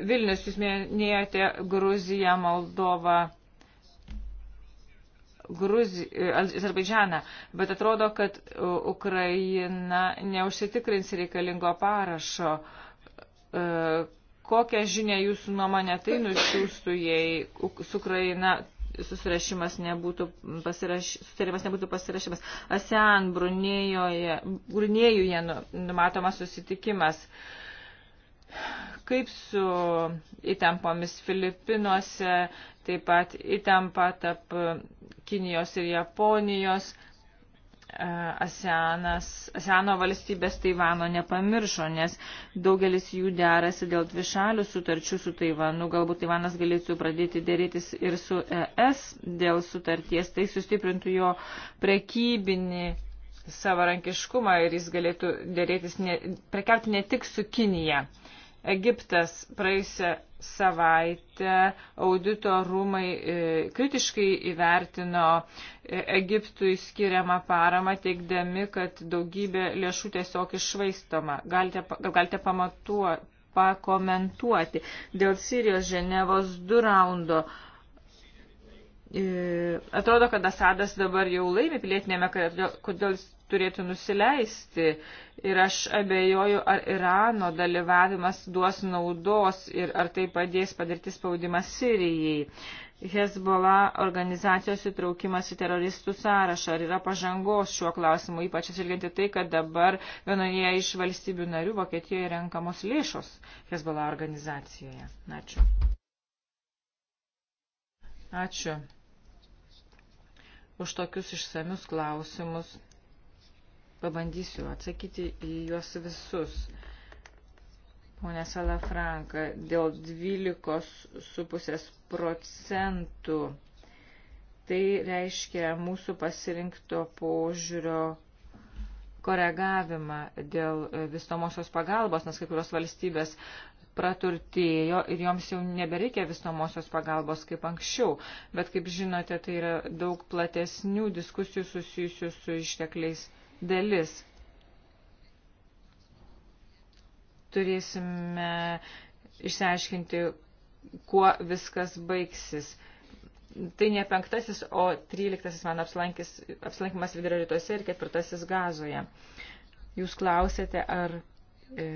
[SPEAKER 3] Vilnius, jūs minėjote Gruziją, Moldovą, Gruzi, Azerbaidžianą, bet atrodo, kad Ukraina neužsitikrins reikalingo parašo. E, kokią žinę jūsų nuomonė tai nusiųstų, jei su Ukraina susirašymas nebūtų, pasiraš, susitarimas nebūtų pasirašymas. ASEAN Brunėjoje, Brunėjuje nu, numatomas susitikimas. Uh, Kaip su įtampomis Filipinuose, taip pat įtampa tarp e, Kinijos ir Japonijos, e, Aseanas, Aseano valstybės Taivano nepamiršo, nes daugelis jų derasi dėl dvišalių sutarčių su Taivanu. Galbūt Taivanas galėtų pradėti dėrėtis ir su ES dėl sutarties, tai sustiprintų jo prekybinį savarankiškumą ir jis galėtų dėrėtis, ne, prekiauti ne tik su Kinija. Uh, Egiptas praėjusią savaitę audito rūmai e, kritiškai įvertino e, Egiptui skiriamą paramą, teikdami, kad daugybė lėšų tiesiog išvaistoma. Galite, galite pamatuoti, pakomentuoti. Dėl Sirijos Ženevos du raundo. E, atrodo, kad Asadas dabar jau laimi pilietinėme kare, kodėl jis turėtų nusileisti ir aš abejoju, ar Irano dalyvavimas duos naudos ir ar tai padės padaryti spaudimą Sirijai. Hezbollah organizacijos įtraukimas į teroristų sąrašą. Ar yra pažangos šiuo klausimu, ypač atsižvelgiant į tai, kad dabar vienoje iš valstybių narių Vokietijoje renkamos lėšos Hezbollah organizacijoje. Ačiū. Ačiū už tokius išsamius klausimus. Pabandysiu atsakyti į juos visus. Pone Salafranka, dėl 12,5 procentų tai reiškia mūsų pasirinkto požiūrio koregavimą dėl e, visomosios pagalbos, nes kai kurios valstybės praturtėjo ir joms jau nebereikia visomosios pagalbos kaip anksčiau. Bet kaip žinote, tai yra daug platesnių diskusijų susijusių su ištekliais dalis. Turėsime išsiaiškinti, kuo viskas baigsis. Tai ne penktasis, o tryliktasis mano apsilankimas vidurio rytuose ir ketvirtasis gazoje. Jūs klausėte, ar e,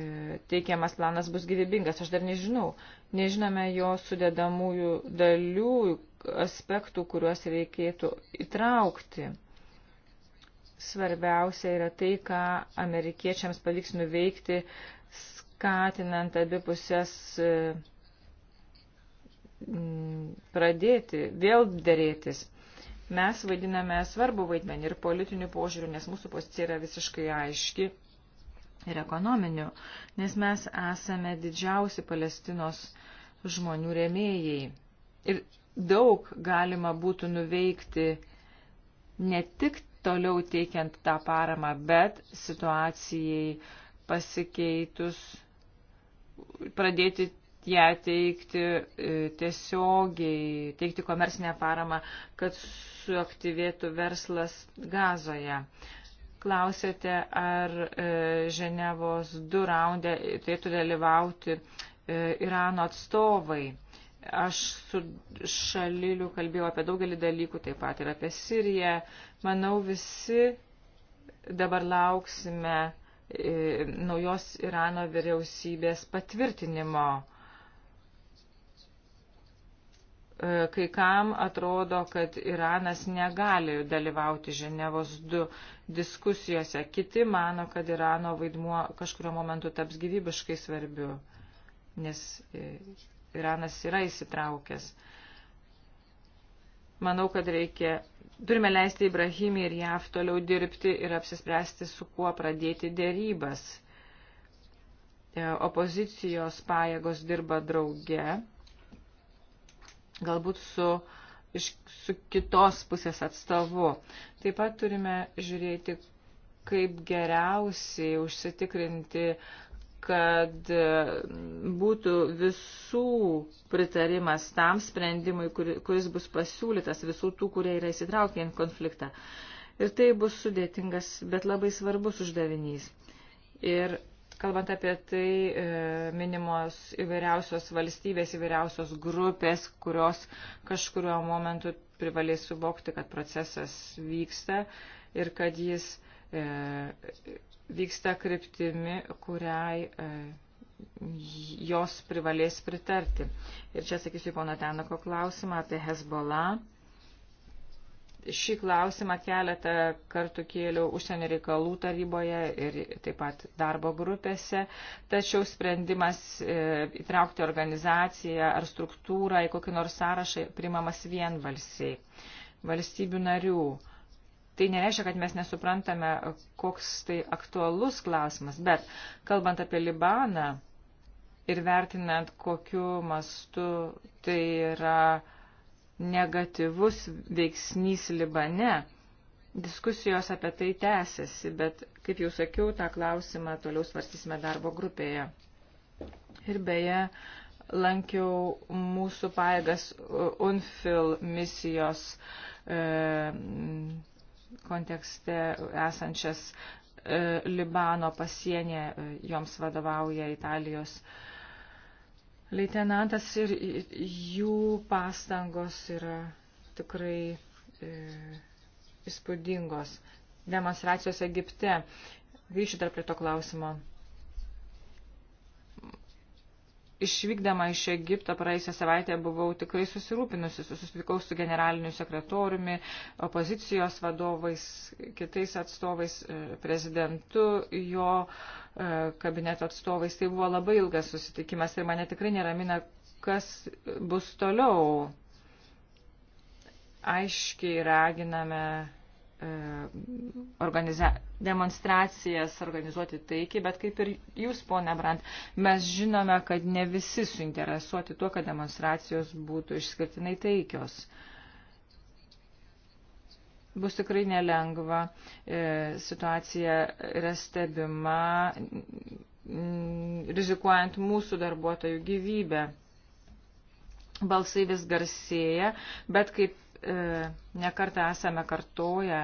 [SPEAKER 3] teikiamas planas bus gyvybingas. Aš dar nežinau. Nežinome jo sudėdamųjų dalių, aspektų, kuriuos reikėtų įtraukti svarbiausia yra tai, ką amerikiečiams pavyks nuveikti, skatinant abipusės e, pradėti, vėl dėrėtis. Mes vaidiname svarbu vaidmenį ir politinių požiūrių, nes mūsų pozicija yra visiškai aiški ir ekonominių, nes mes esame didžiausi Palestinos žmonių rėmėjai. Ir daug galima būtų nuveikti ne tik toliau teikiant tą paramą, bet situacijai pasikeitus pradėti ją teikti e, tiesiogiai, teikti komersinę paramą, kad suaktyvėtų verslas gazoje. Klausėte, ar e, Ženevos du raundė turėtų dalyvauti e, Irano atstovai. Aš su šaliliu kalbėjau apie daugelį dalykų, taip pat ir apie Siriją. Manau, visi dabar lauksime e, naujos Irano vyriausybės patvirtinimo. E, kai kam atrodo, kad Iranas negali dalyvauti Ženevos 2 diskusijose. Kiti mano, kad Irano vaidmuo kažkurio momentu taps gyvybiškai svarbiu, nes e, Iranas yra įsitraukęs. Manau, kad reikia, turime leisti Ibrahimį ir JAV toliau dirbti ir apsispręsti, su kuo pradėti dėrybas. E, opozicijos pajėgos dirba drauge, galbūt su iš su kitos pusės atstovu. Taip pat turime žiūrėti, kaip geriausiai užsitikrinti kad e, būtų visų pritarimas tam sprendimui, kuris bus pasiūlytas, visų tų, kurie yra įsitraukę į konfliktą. Ir tai bus sudėtingas, bet labai svarbus uždavinys. Ir kalbant apie tai, e, minimos įvairiausios valstybės, įvairiausios grupės, kurios kažkurio momentu privalės suvokti, kad procesas vyksta ir kad jis uh, E, vyksta kryptimi, kuriai e, jos privalės pritarti. Ir čia sakysiu pono Tenako klausimą apie Hezbollah. Šį klausimą keletą kartų kėliau užsienio reikalų taryboje ir taip pat darbo grupėse, tačiau sprendimas e, įtraukti organizaciją ar struktūrą į kokį nors sąrašą primamas vienbalsiai valstybių narių. E, Tai nereiškia, kad mes nesuprantame, koks tai aktualus klausimas, bet kalbant apie Libaną ir vertinant, kokiu mastu tai yra negatyvus veiksnys Libane, diskusijos apie tai tęsiasi, bet, kaip jau sakiau, tą klausimą toliau svarstysime darbo grupėje. Ir beje, lankiau mūsų paėgas UNFIL misijos. E, kontekste esančias e, Libano pasienė, e, joms vadovauja Italijos leitenantas ir jų pastangos yra tikrai e, įspūdingos. Demonstracijos Egipte. Grįšiu dar prie to klausimo. išvykdama iš Egipto praėjusią savaitę buvau tikrai susirūpinusi, susitikau su generaliniu sekretoriumi, opozicijos vadovais, kitais atstovais, e, prezidentu, jo e, kabineto atstovais. Tai buvo labai ilgas susitikimas ir mane tikrai neramina, kas bus toliau. Aiškiai raginame E, organiza demonstracijas organizuoti taikiai, bet kaip ir jūs, ponia Brant, mes žinome, kad ne visi suinteresuoti tuo, kad demonstracijos būtų išskirtinai taikios. Bus tikrai nelengva, e, situacija yra stebima, m, rizikuojant mūsų darbuotojų gyvybę balsai vis garsėja, bet kaip E, nekartą esame kartoję,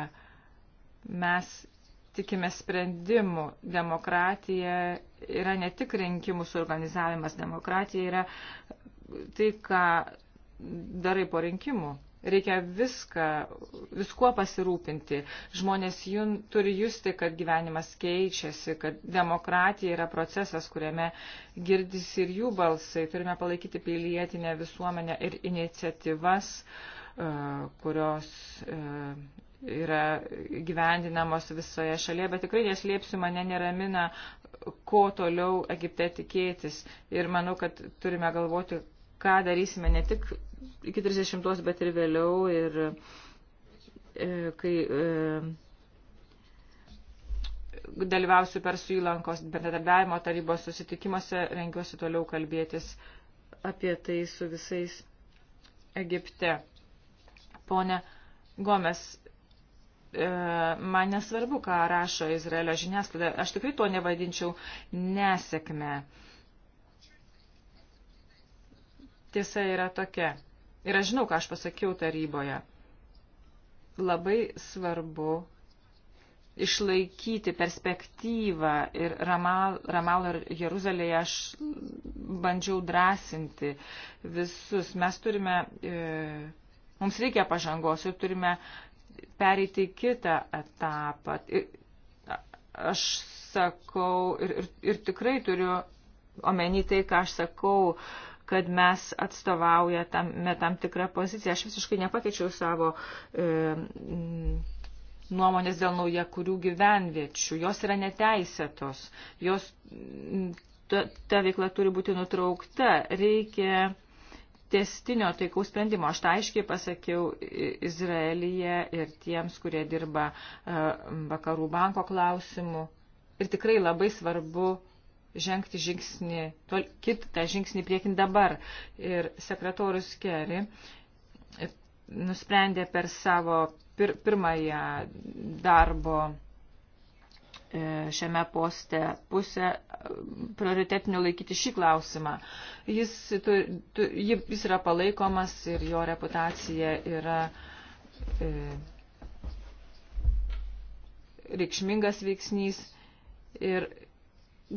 [SPEAKER 3] mes tikime sprendimų. Demokratija yra ne tik rinkimų suorganizavimas, demokratija yra tai, ką darai po rinkimų. Reikia viską, viskuo pasirūpinti. Žmonės jun, turi justi, kad gyvenimas keičiasi, kad demokratija yra procesas, kuriame girdisi ir jų balsai. Turime palaikyti pilietinę visuomenę ir iniciatyvas. Uh, E, kurios e, yra gyvendinamos visoje šalyje, bet tikrai neslėpsiu, mane neramina, ko toliau Egipte tikėtis. Ir manau, kad turime galvoti, ką darysime ne tik iki 30, bet ir vėliau. Ir e, kai e, dalyvausiu per suilankos bendradarbiavimo tarybos susitikimuose, rengiuosi toliau kalbėtis apie tai su visais Egipte. Pone Gomes, e, man nesvarbu, ką rašo Izraelio žiniasklaida, aš tikrai to nevadinčiau nesėkme. Tiesa yra tokia. Ir aš žinau, ką aš pasakiau taryboje. Labai svarbu išlaikyti perspektyvą ir Ramal, Ramal ir Jeruzalėje aš bandžiau drąsinti visus. Mes turime. E, Mums reikia pažangos ir turime pereiti kitą etapą. Ir, aš sakau ir, ir, ir tikrai turiu omeny tai, ką aš sakau, kad mes atstovaujame tam tikrą poziciją. Aš visiškai nepakeičiau savo. E, m, nuomonės dėl nauja kurių gyvenviečių. Jos yra neteisėtos. Jos, ta, ta veikla turi būti nutraukta. Reikia testinio taikaus sprendimo. Aš tai aiškiai pasakiau Izraelyje ir tiems, kurie dirba e, vakarų banko klausimų. Ir tikrai labai svarbu žengti žingsnį, tol, kitą žingsnį priekin dabar. Ir sekretorius Kerry e, nusprendė per savo pir, pirmąją darbo E, šiame poste pusę e, prioritetiniu laikyti šį klausimą. Jis, tu, tu, jis yra palaikomas ir jo reputacija yra e, reikšmingas veiksnys ir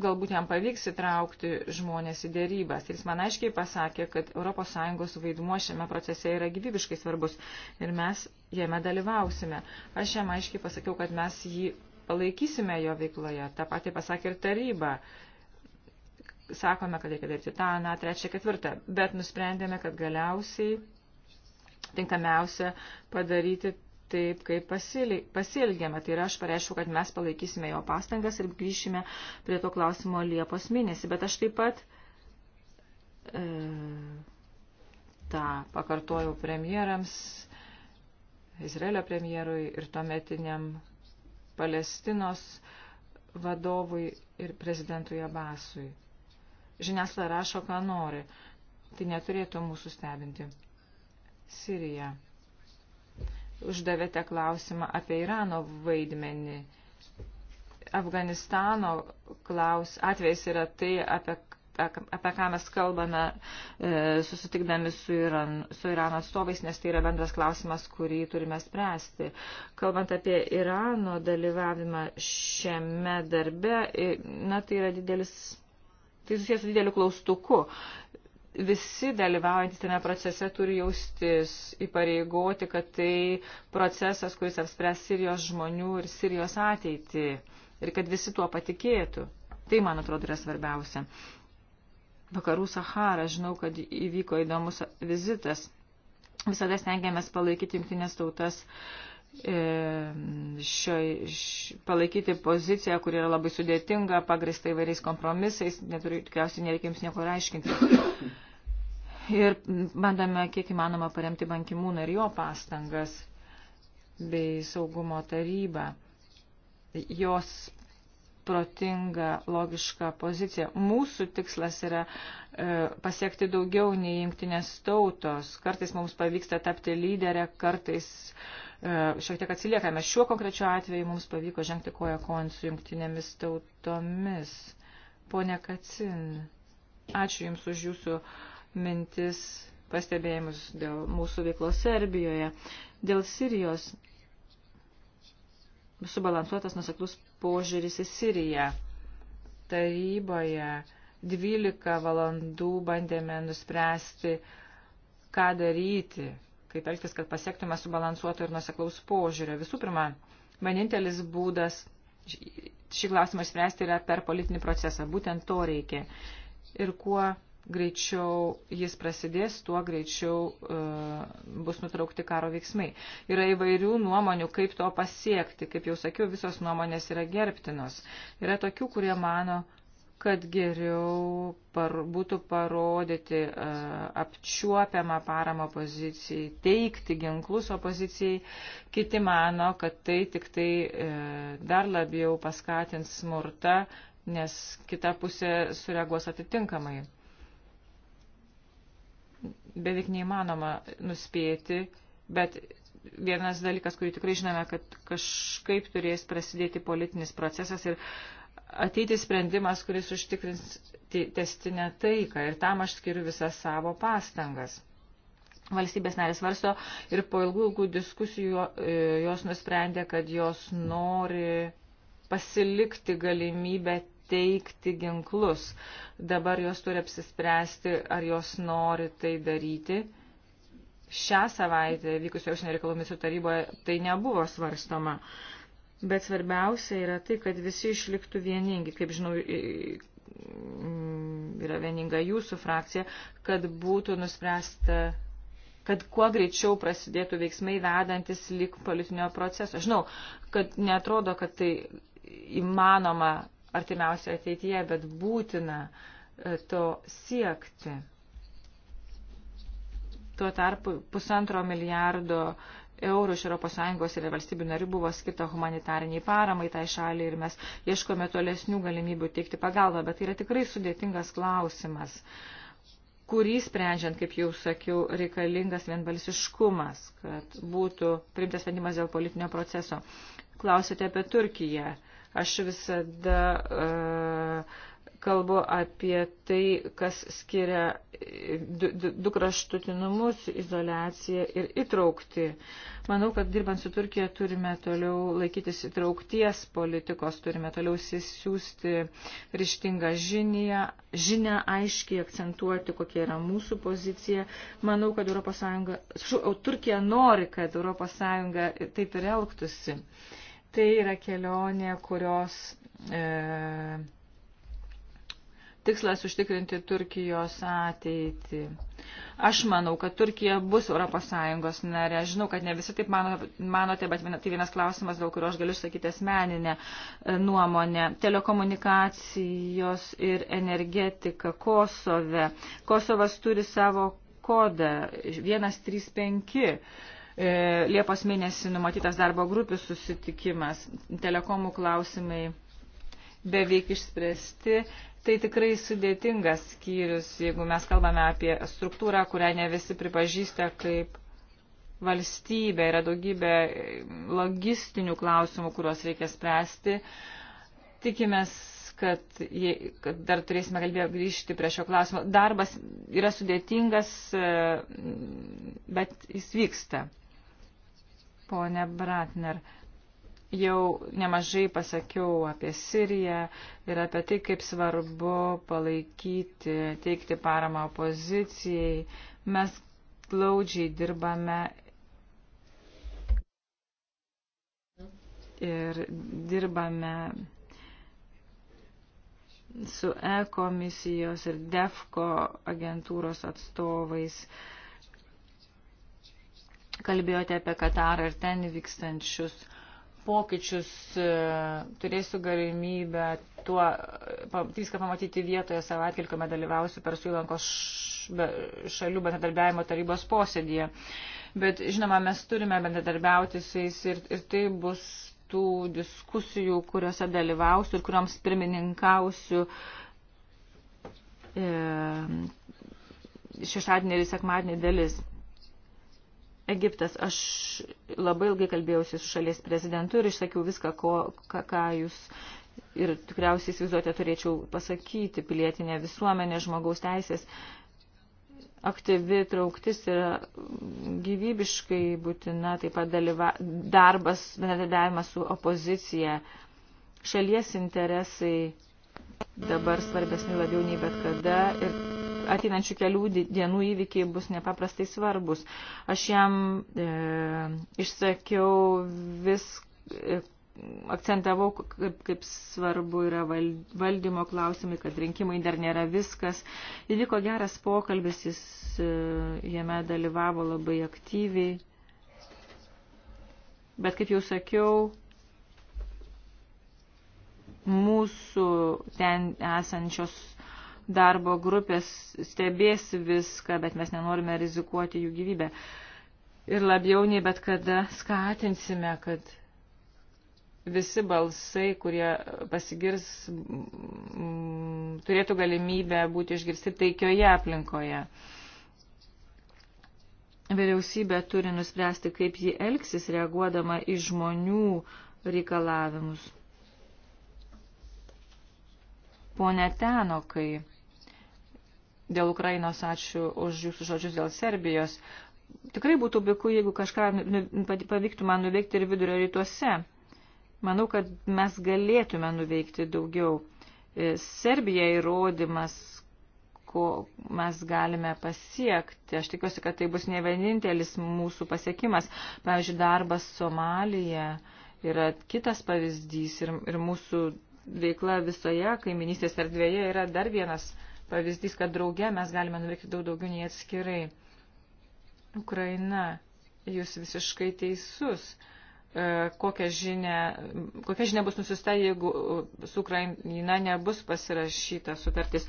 [SPEAKER 3] galbūt jam pavyks įtraukti žmonės į dėrybas. Ir jis man aiškiai pasakė, kad ES vaidmuo šiame procese yra gyvybiškai svarbus ir mes jame dalyvausime. Aš jam aiškiai pasakiau, kad mes jį palaikysime jo veikloje. Ta pati pasakė ir taryba. Sakome, kad reikia daryti tą, na, trečią, ketvirtą, bet nusprendėme, kad galiausiai tinkamiausia padaryti taip, kaip pasielgėme. Tai yra, aš pareiškiau, kad mes palaikysime jo pastangas ir grįšime prie to klausimo Liepos mėnesį. Bet aš taip pat e, tą pakartojau premjerams, Izraelio premjerui ir tuometiniam Palestinos vadovui ir prezidentui Abasui. Žiniasklaida rašo, ką nori. Tai neturėtų mūsų stebinti. Sirija. Uždavėte klausimą apie Irano vaidmenį. Afganistano klaus, atvejs yra tai, apie apie ką mes kalbame e, susitikdami su, Iran, su Irano atstovais, nes tai yra bendras klausimas, kurį turime spręsti. Kalbant apie Irano dalyvavimą šiame darbe, na tai yra didelis, tai susijęs su dideliu klaustuku. Visi dalyvaujantys tame procese turi jaustis įpareigoti, kad tai procesas, kuris apspręs Sirijos žmonių ir Sirijos ateitį ir kad visi tuo patikėtų. Tai, man atrodo, yra svarbiausia vakarų Sahara. Žinau, kad įvyko įdomus vizitas. Visada stengiamės palaikyti jungtinės tautas, e, šio, š, palaikyti poziciją, kuri yra labai sudėtinga, pagrįsta įvairiais kompromisais, neturiu, tikriausiai nereikia jums nieko aiškinti. Ir bandome, kiek įmanoma, paremti bankimūną ir jo pastangas bei saugumo tarybą. Jos protingą, logišką poziciją. Mūsų tikslas yra e, pasiekti daugiau nei jungtinės tautos. Kartais mums pavyksta tapti lyderę, kartais e, šiek tiek atsiliekame. Šiuo konkrečiu atveju mums pavyko žengti koją kojant su jungtinėmis tautomis. Pone Kacin, ačiū Jums už Jūsų mintis, pastebėjimus dėl mūsų veiklos Serbijoje. Dėl Sirijos subalansuotas nuseklus požiūris į Siriją. Taryboje 12 valandų bandėme nuspręsti, ką daryti, kaip elgtis, kad pasiektume subalansuoto ir nuseklaus požiūrio. Visų pirma, vienintelis būdas šį klausimą spręsti yra per politinį procesą. Būtent to reikia. Ir kuo greičiau jis prasidės, tuo greičiau uh, bus nutraukti karo veiksmai. Yra įvairių nuomonių, kaip to pasiekti. Kaip jau sakiau, visos nuomonės yra gerbtinos. Yra tokių, kurie mano, kad geriau par, būtų parodyti uh, apčiuopiamą paramą opozicijai, teikti ginklus opozicijai. Kiti mano, kad tai tik tai uh, dar labiau paskatins smurtą, nes kita pusė sureaguos atitinkamai beveik neįmanoma nuspėti, bet vienas dalykas, kurį tikrai žinome, kad kažkaip turės prasidėti politinis procesas ir ateiti sprendimas, kuris užtikrins testinę taiką ir tam aš skiriu visas savo pastangas. Valstybės narės varsto ir po ilgų, ilgų diskusijų e, jos nusprendė, kad jos nori pasilikti galimybę teikti ginklus. Dabar jos turi apsispręsti, ar jos nori tai daryti. Šią savaitę vykusioje užsienio reikalų ministrų taryboje tai nebuvo svarstoma. Bet svarbiausia yra tai, kad visi išliktų vieningi. Kaip žinau, yra vieninga jūsų frakcija, kad būtų nuspręsta kad kuo greičiau prasidėtų veiksmai vedantis lik politinio proceso. Žinau, kad netrodo, kad tai įmanoma artimiausioje ateityje, bet būtina e, to siekti. Tuo tarpu pusantro milijardo eurų iš ES ir valstybių narių buvo skirta humanitariniai paramai tai šaliai ir mes ieškome tolesnių galimybių teikti pagalbą, bet tai yra tikrai sudėtingas klausimas, kurį sprendžiant, kaip jau sakiau, reikalingas vienbalsiškumas, kad būtų primtas sprendimas dėl politinio proceso. Klausėte apie Turkiją. Aš visada uh, kalbu apie tai, kas skiria e, du, du, du kraštutinumus - izolaciją ir įtraukti. Manau, kad dirbant su Turkija turime toliau laikytis įtraukties politikos, turime toliau siūsti ryštingą žinią, žinią aiškiai akcentuoti, kokia yra mūsų pozicija. Manau, kad ES, šu, Turkija nori, kad ES taip ir elgtųsi. Uh, Tai yra kelionė, kurios e, tikslas užtikrinti Turkijos ateitį. Aš manau, kad Turkija bus ES narė. Žinau, kad ne visi taip mano, manote, bet tai vienas klausimas, dėl kurio aš galiu sakyti asmeninę e, nuomonę. Telekomunikacijos ir energetika Kosove. Kosovas turi savo kodą 135 E, Liepos mėnesį numatytas darbo grupių susitikimas, telekomų klausimai beveik išspręsti. Tai tikrai sudėtingas skyrius, jeigu mes kalbame apie struktūrą, kurią ne visi pripažįsta kaip valstybė. Yra daugybė logistinių klausimų, kuriuos reikia spręsti. Tikimės, kad, jei, kad dar turėsime kalbėję grįžti prie šio klausimo. Darbas yra sudėtingas, e, bet jis vyksta ponė Bratner. Jau nemažai pasakiau apie Siriją ir apie tai, kaip svarbu palaikyti, teikti paramą opozicijai. Mes glaudžiai dirbame ir dirbame su E komisijos ir DEFCO agentūros atstovais. Uh, kalbėjote apie Katarą ir ten vykstančius pokyčius, e, turėsiu galimybę tuo, viską pamatyti vietoje savaitgalį, kuomet dalyvausiu per Suilankos šalių bendradarbiavimo tarybos posėdėje. Bet, žinoma, mes turime bendradarbiauti su jais ir, ir tai bus tų diskusijų, kuriuose dalyvausiu ir kuriuoms pirmininkausiu. E, šeštadienį ir sekmadienį dalis. Egiptas, aš labai ilgai kalbėjausi su šalies prezidentu ir išsakiau viską, ko, ką, ką jūs ir tikriausiai įsivaizduotė turėčiau pasakyti, pilietinė visuomenė, žmogaus teisės, aktyvi trauktis yra gyvybiškai būtina, taip pat dalyva, darbas, bendradarbiavimas su opozicija, šalies interesai dabar svarbesni labiau nei bet kada ir ateinančių kelių dienų įvykiai bus nepaprastai svarbus. Aš jam e, išsakiau vis, e, akcentavau, kaip, kaip svarbu yra valdymo klausimai, kad rinkimai dar nėra viskas. Įvyko geras pokalbis, jis e, jame dalyvavo labai aktyviai. Bet kaip jau sakiau, mūsų ten esančios darbo grupės stebės viską, bet mes nenorime rizikuoti jų gyvybę. Ir labiau nei bet kada skatinsime, kad visi balsai, kurie pasigirs, turėtų galimybę būti išgirsti taikioje aplinkoje. Vyriausybė turi nuspręsti, kaip ji elgsis, reaguodama į žmonių reikalavimus. Pone Tenokai, dėl Ukrainos ačiū už jūsų žodžius dėl Serbijos. Tikrai būtų biku, jeigu kažką nu, nu, pavyktų man nuveikti ir vidurio rytuose. Manau, kad mes galėtume nuveikti daugiau. E, Serbija įrodymas, ko mes galime pasiekti. Aš tikiuosi, kad tai bus ne vienintelis mūsų pasiekimas. Pavyzdžiui, darbas Somalija yra kitas pavyzdys ir, ir mūsų veikla visoje kaiminystės erdvėje yra dar vienas pavyzdys, kad drauge mes galime nuveikti daug daugiau nei atskirai. Ukraina, jūs visiškai teisus. Kokią žinę, kokią žinę bus nusista, jeigu e, su Ukraina nebus pasirašyta sutartis.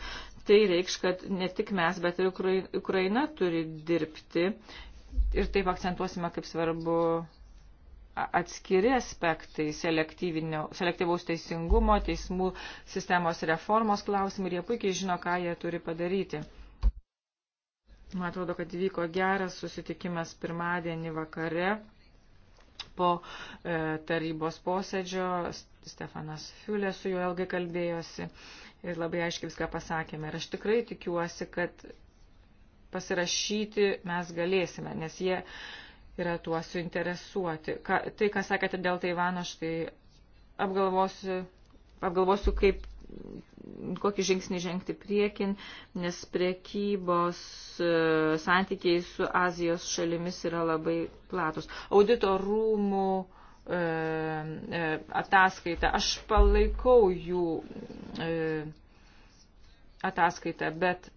[SPEAKER 3] Tai reikš, kad ne tik mes, bet ir Ukraina turi dirbti. Ir taip akcentuosime, kaip svarbu atskiri aspektai selektyvaus teisingumo, teismų sistemos reformos klausimai ir jie puikiai žino, ką jie turi padaryti. Man atrodo, kad vyko geras susitikimas pirmadienį vakare po e, tarybos posėdžio. Stefanas Fiulė su juo ilgai kalbėjosi ir labai aiškiai viską pasakėme. Ir aš tikrai tikiuosi, kad pasirašyti mes galėsime, nes jie yra tuo suinteresuoti. Ka, tai, ką sakėte dėl Taivano, aš tai apgalvosiu, apgalvosiu kaip kokį žingsnį žengti priekin, nes priekybos e, santykiai su Azijos šalimis yra labai platus. Audito rūmų e, e ataskaita. Aš palaikau jų e, ataskaitą, bet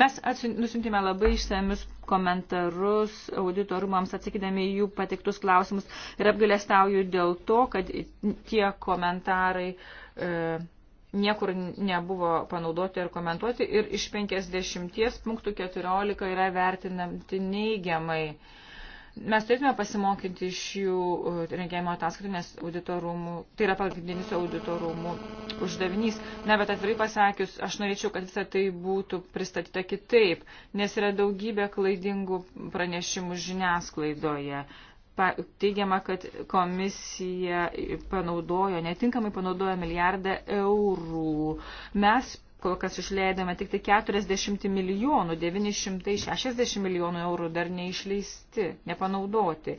[SPEAKER 3] Mes nusintėme labai išsamius komentarus auditorumams atsakydami jų patiktus klausimus ir apgalėstauju dėl to, kad tie komentarai e, niekur nebuvo panaudoti ar komentuoti ir iš 50 punktų 14 yra vertinamti neigiamai. E, Mes turėtume pasimokyti iš jų uh, rengėjimo ataskaitų, nes auditorumų, tai yra pagrindinis auditorumų uždavinys. Ne, bet atvirai pasakius, aš norėčiau, kad visą tai būtų pristatyta kitaip, nes yra daugybė klaidingų pranešimų žiniasklaidoje. Pa, teigiama, kad komisija panaudojo, netinkamai panaudojo milijardą eurų. Mes kol kas išleidome tik tai 40 milijonų, 960 milijonų eurų dar neišleisti, nepanaudoti.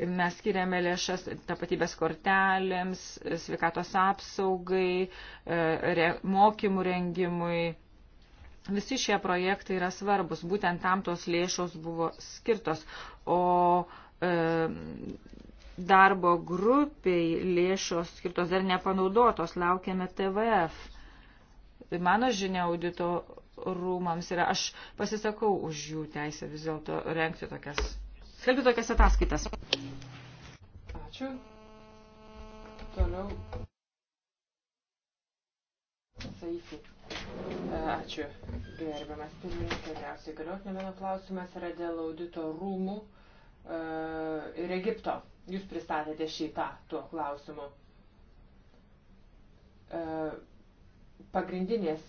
[SPEAKER 3] Mes skiriame lėšas tapatybės kortelėms, sveikatos apsaugai, e, mokymų rengimui. Visi šie projektai yra svarbus, būtent tam tos lėšos buvo skirtos. O e, darbo grupiai lėšos skirtos dar nepanaudotos, laukiame TVF Tai mano žinia audito rūmams yra, aš pasisakau už jų teisę vis dėlto renkti tokias, skelbti tokias ataskaitas. Ačiū.
[SPEAKER 2] Toliau. Saifi. E, ačiū. Gerbiamas pirmininkas, tikriausiai galiotinė mano klausimas yra dėl audito rūmų e, ir Egipto. Jūs pristatėte šitą tuo klausimu. Uh, Pagrindinės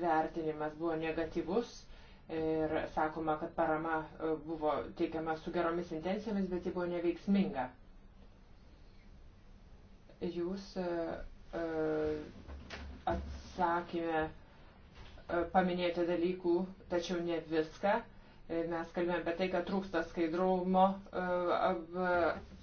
[SPEAKER 2] vertinimas buvo negatyvus ir sakoma, kad parama e, buvo teikiama su geromis intencijomis, bet ji buvo neveiksminga. Jūs e, e, atsakėme paminėti dalykų, tačiau ne viską. Mes kalbėjome apie tai, kad trūksta skaidrumo ap,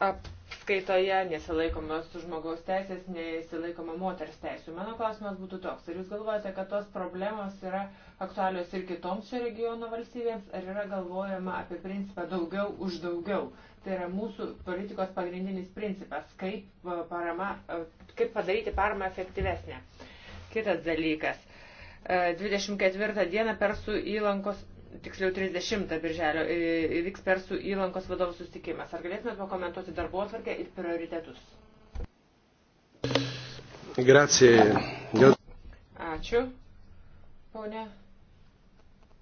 [SPEAKER 2] ap, ataskaitoje, nesilaikomos žmogaus teisės, nesilaikoma moters teisų. Mano klausimas būtų toks, ar jūs galvojate, kad tos problemos yra aktualios ir kitoms šio regiono valstybėms, ar yra galvojama apie principą daugiau už daugiau? Tai yra mūsų politikos pagrindinis principas, kaip, parama, e, kaip padaryti paramą efektyvesnę. Kitas dalykas. 24 e, dieną Persų įlankos tiksliau 30 birželio, e, vyks Persų įlankos vadovų sustikimas. Ar galėtumėt pakomentuoti darbo atvarkę ir prioritetus?
[SPEAKER 1] Gracija.
[SPEAKER 2] Ačiū, ponė.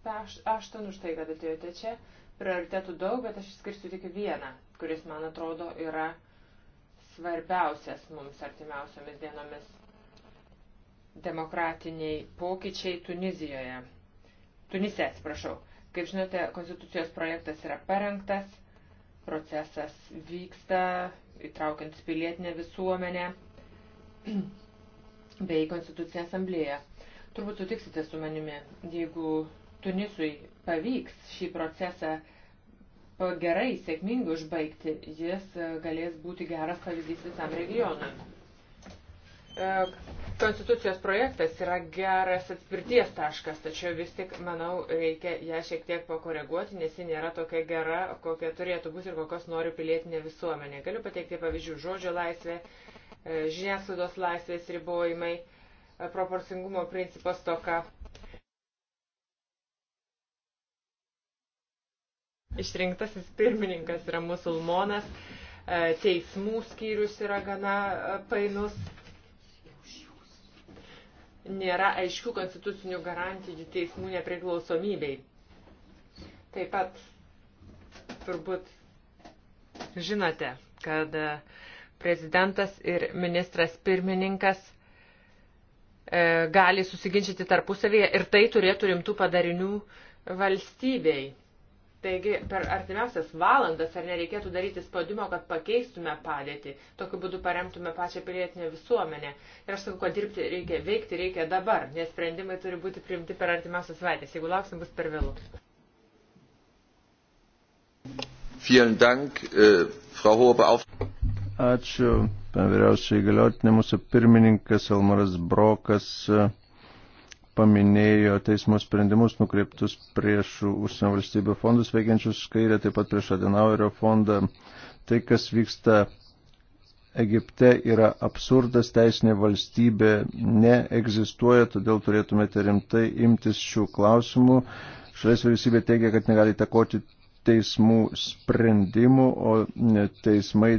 [SPEAKER 2] Aš, aš ten už tai, kad atėjote čia. Prioritetų daug, bet aš išskirsiu tik vieną, kuris, man atrodo, yra svarbiausias mums artimiausiomis dienomis demokratiniai pokyčiai Tunizijoje. Tunise, atsiprašau. Kaip žinote, konstitucijos projektas yra parengtas, procesas vyksta, įtraukiant pilietinę visuomenę bei konstitucinę asamblėją. Turbūt sutiksite su manimi, jeigu Tunisui pavyks šį procesą gerai, sėkmingai užbaigti, jis galės būti geras pavyzdys visam regionui. Konstitucijos projektas yra geras atspirties taškas, tačiau vis tik, manau, reikia ją šiek tiek pakoreguoti, nes ji nėra tokia gera, kokia turėtų būti ir kokios nori pilietinė visuomenė. Galiu pateikti pavyzdžių žodžio laisvė, e, žiniasklaidos laisvės ribojimai, e, proporcingumo principas toka. Išrinktasis pirmininkas yra musulmonas, e, teismų skyrius yra gana painus nėra aiškių konstitucinių garantijų teismų nepriklausomybei. Taip pat turbūt žinote, kad e, prezidentas ir ministras pirmininkas e, gali susiginčyti tarpusavėje ir tai turėtų rimtų padarinių valstybei. Taigi per artimiausias valandas ar nereikėtų daryti spaudimo, kad pakeistume padėtį, tokiu būdu paremtume pačią pilietinę visuomenę. Ir aš sakau, kad dirbti reikia, veikti reikia dabar, nes sprendimai turi būti priimti per artimiausias savaitės, jeigu lauksim bus per vėlų.
[SPEAKER 1] Äh, Ačiū, vyriausiai galiotinė mūsų pirmininkas Elmaras Brokas paminėjo teismo sprendimus nukreiptus prieš užsienio valstybių fondus veikiančius kairę, taip pat prieš Adenauerio fondą. Tai, kas vyksta Egipte, yra absurdas, teisinė valstybė neegzistuoja, todėl turėtumėte rimtai imtis šių klausimų. Šalies vyriausybė teigia, kad negali takoti teismų sprendimų, o teismai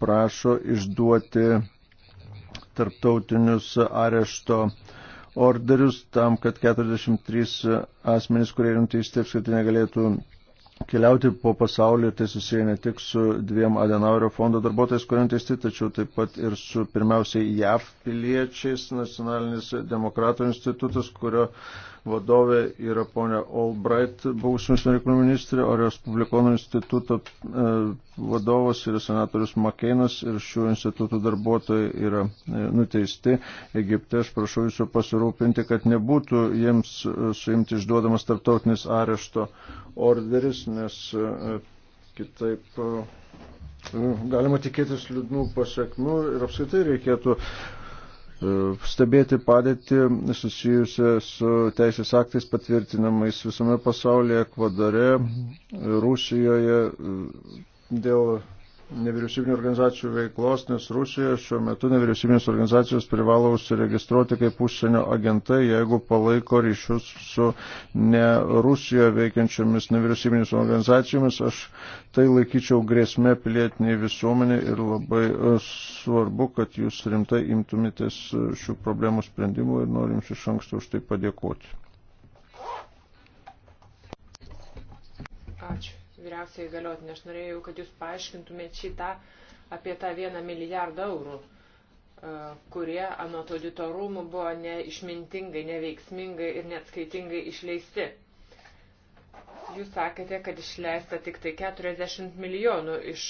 [SPEAKER 1] prašo išduoti tarptautinius arešto uh, orderius tam, kad 43 asmenys, kurie yra nuteisti apskritai negalėtų keliauti po pasaulį, tai susiję ne tik su dviem Adenauerio fondo darbuotojais, kurie nuteisti, tačiau taip pat ir su pirmiausiai JAV piliečiais, nacionalinis demokratų institutas, kurio vadovė yra ponia Albright, buvusi užsienio reikalų ministrė, o Respublikonų instituto e, vadovas yra senatorius Makeinas ir šių institutų darbuotojai yra e, nuteisti Egipte. Aš prašau jūsų pasirūpinti, kad nebūtų jiems e, suimti išduodamas tarptautinis arešto orderis, nes kitaip galima tikėtis liūdnų pasiekmių ir apskaitai reikėtų stebėti padėtį susijusią su teisės aktais patvirtinamais visame pasaulyje, Ekvadore, Rusijoje dėl nevyriausybinio organizacijų veiklos, nes Rusijoje šiuo metu nevyriausybinės organizacijos privalo užsiregistruoti kaip užsienio agentai, jeigu palaiko ryšius su ne Rusijoje veikiančiomis nevyriausybinės organizacijomis. Aš tai laikyčiau grėsme pilietiniai visuomenė ir labai e, svarbu, kad jūs rimtai imtumėtės šių problemų sprendimų ir norim iš anksto už tai padėkoti.
[SPEAKER 2] Ačiū vyriausiai galiotinė. Aš norėjau, kad jūs paaiškintumėt šitą apie tą vieną milijardą eurų, e, kurie anot auditorumų buvo neišmintingai, neveiksmingai ir neatskaitingai išleisti. Jūs sakėte, kad išleista tik tai 40 milijonų iš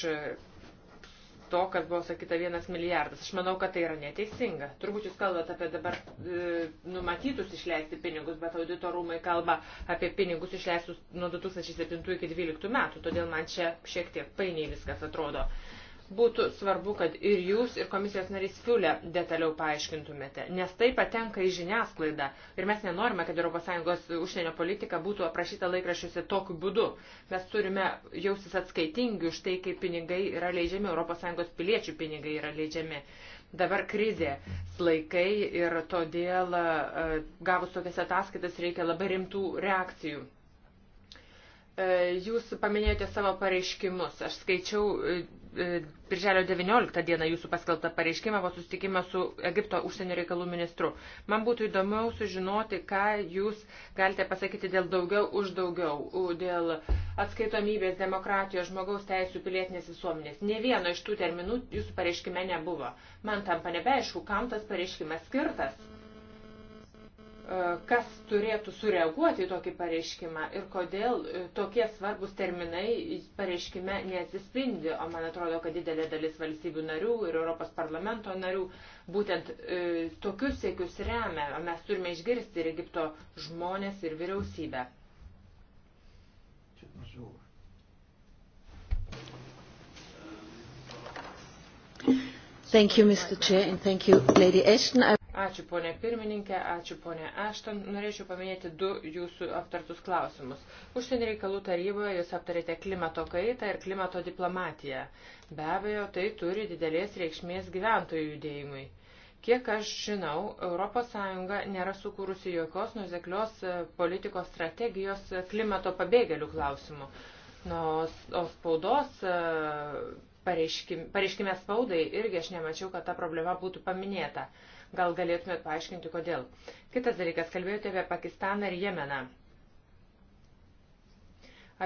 [SPEAKER 2] to, kad buvo sakyta vienas milijardas. Aš manau, kad tai yra neteisinga. Turbūt jūs kalbate apie dabar e, numatytus išleisti pinigus, bet auditorumai kalba apie pinigus išleistus nuo 2007 iki 2012 metų, todėl man čia šiek tiek painiai viskas atrodo. E, būtų svarbu, kad ir jūs, ir komisijos narys Fiulė detaliau paaiškintumėte, nes tai patenka į žiniasklaidą ir mes nenorime, kad ES užsienio politika būtų aprašyta laikrašiuose tokiu būdu. Mes turime jausis atskaitingi už tai, kaip pinigai yra leidžiami, ES piliečių pinigai yra leidžiami. Dabar krizė laikai ir todėl e, gavus tokias ataskaitas reikia labai rimtų reakcijų. E, jūs paminėjote savo pareiškimus. Aš skaičiau e, E, birželio 19 dieną jūsų paskelbtą pareiškimą po susitikimą su Egipto užsienio reikalų ministru. Man būtų įdomiau sužinoti, ką jūs galite pasakyti dėl daugiau už daugiau, dėl atskaitomybės, demokratijos, žmogaus teisų, pilietinės visuomenės. Ne vieno iš tų terminų jūsų pareiškime nebuvo. Man tampa nebeaišku, kam tas pareiškimas skirtas. Mm. E, kas turėtų sureaguoti į tokį pareiškimą ir kodėl e, tokie svarbus terminai pareiškime neatsispindi, o man atrodo, kad didelė dalis valstybių narių ir Europos parlamento narių būtent e, tokius siekius remia. Mes turime išgirsti ir Egipto žmonės ir vyriausybę. Thank you, Mr. Chair, and thank you, Lady Ashton. I Ačiū ponė pirmininkė, ačiū ponė Ašton. Norėčiau paminėti du jūsų aptartus klausimus. Užsienio reikalų taryboje jūs aptarėte klimato kaitą ir klimato diplomatiją. Be abejo, tai turi didelės reikšmės gyventojų judėjimui. Kiek aš žinau, ES nėra sukūrusi jokios nuseklios e, politikos strategijos klimato pabėgėlių klausimų. Nors, o spaudos e, pareiškime spaudai irgi aš nemačiau, kad ta problema būtų paminėta. Gal galėtumėt paaiškinti, kodėl. Kitas dalykas, kalbėjote apie Pakistaną ir Jemeną.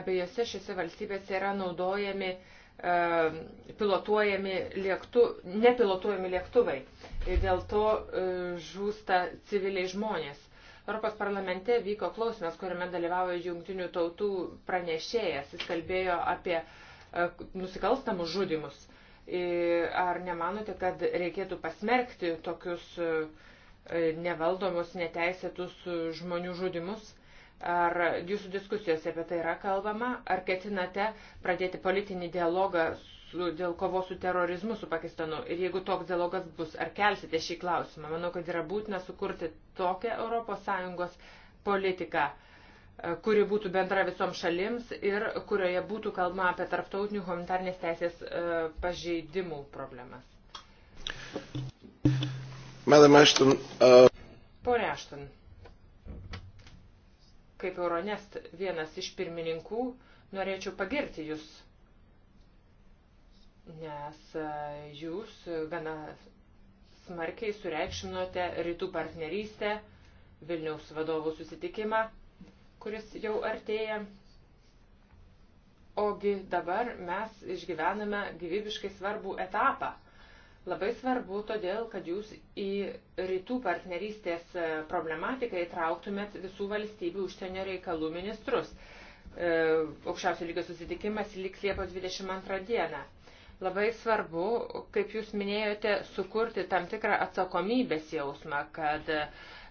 [SPEAKER 2] Abiejose šiose valstybėse yra naudojami e, pilotuojami lėktu, nepilotuojami lėktuvai ir dėl to e, žūsta civiliai žmonės. Europos parlamente vyko klausimas, kuriame dalyvavo jungtinių tautų pranešėjas. Jis kalbėjo apie e, nusikalstamus žudimus. E, ar nemanote, kad reikėtų pasmerkti tokius e, nevaldomus, neteisėtus e, žmonių žudimus? Ar jūsų diskusijose apie tai yra kalbama? Ar ketinate pradėti politinį dialogą su, dėl kovos su terorizmu su Pakistanu? Ir jeigu toks dialogas bus, ar kelsite šį klausimą? Manau, kad yra būtina sukurti tokią ES politiką, E, kuri būtų bendra visoms šalims ir kurioje būtų kalbama apie tarptautinių humanitarnės teisės e, pažeidimų problemas.
[SPEAKER 1] Madam Ashton. Uh...
[SPEAKER 2] Pone Ashton, kaip Euronest vienas iš pirmininkų, norėčiau pagirti Jūs, nes e, Jūs gana smarkiai sureikšminote rytų partnerystę, Vilniaus vadovų susitikimą kuris jau artėja. Ogi dabar mes išgyvename gyvybiškai svarbų etapą. Labai svarbu todėl, kad jūs į rytų partnerystės e, problematiką įtrauktumėt visų valstybių užsienio reikalų ministrus. E, aukščiausio lygio susitikimas liks Liepos 22 dieną labai svarbu, kaip jūs minėjote, sukurti tam tikrą atsakomybės jausmą, kad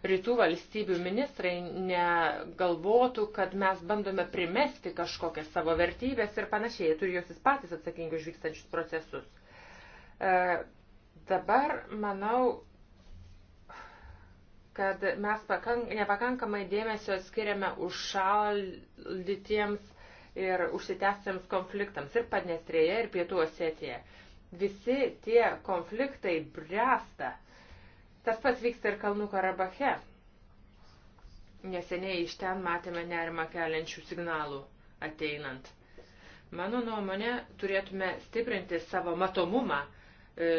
[SPEAKER 2] rytų valstybių ministrai negalvotų, kad mes bandome primesti kažkokias savo vertybės ir panašiai, turi jos jis patys atsakingi už vykstančius procesus. E, dabar, manau, kad mes pakank, nepakankamai dėmesio skiriame užšaldytiems ir užsitęsiems konfliktams ir Padnestrėje, ir Pietų Osetijoje. Visi tie konfliktai bręsta Tas pats vyksta ir Kalnų Karabache. Neseniai iš ten matėme nerimą keliančių signalų ateinant. Mano nuomonė, turėtume stiprinti savo matomumą e,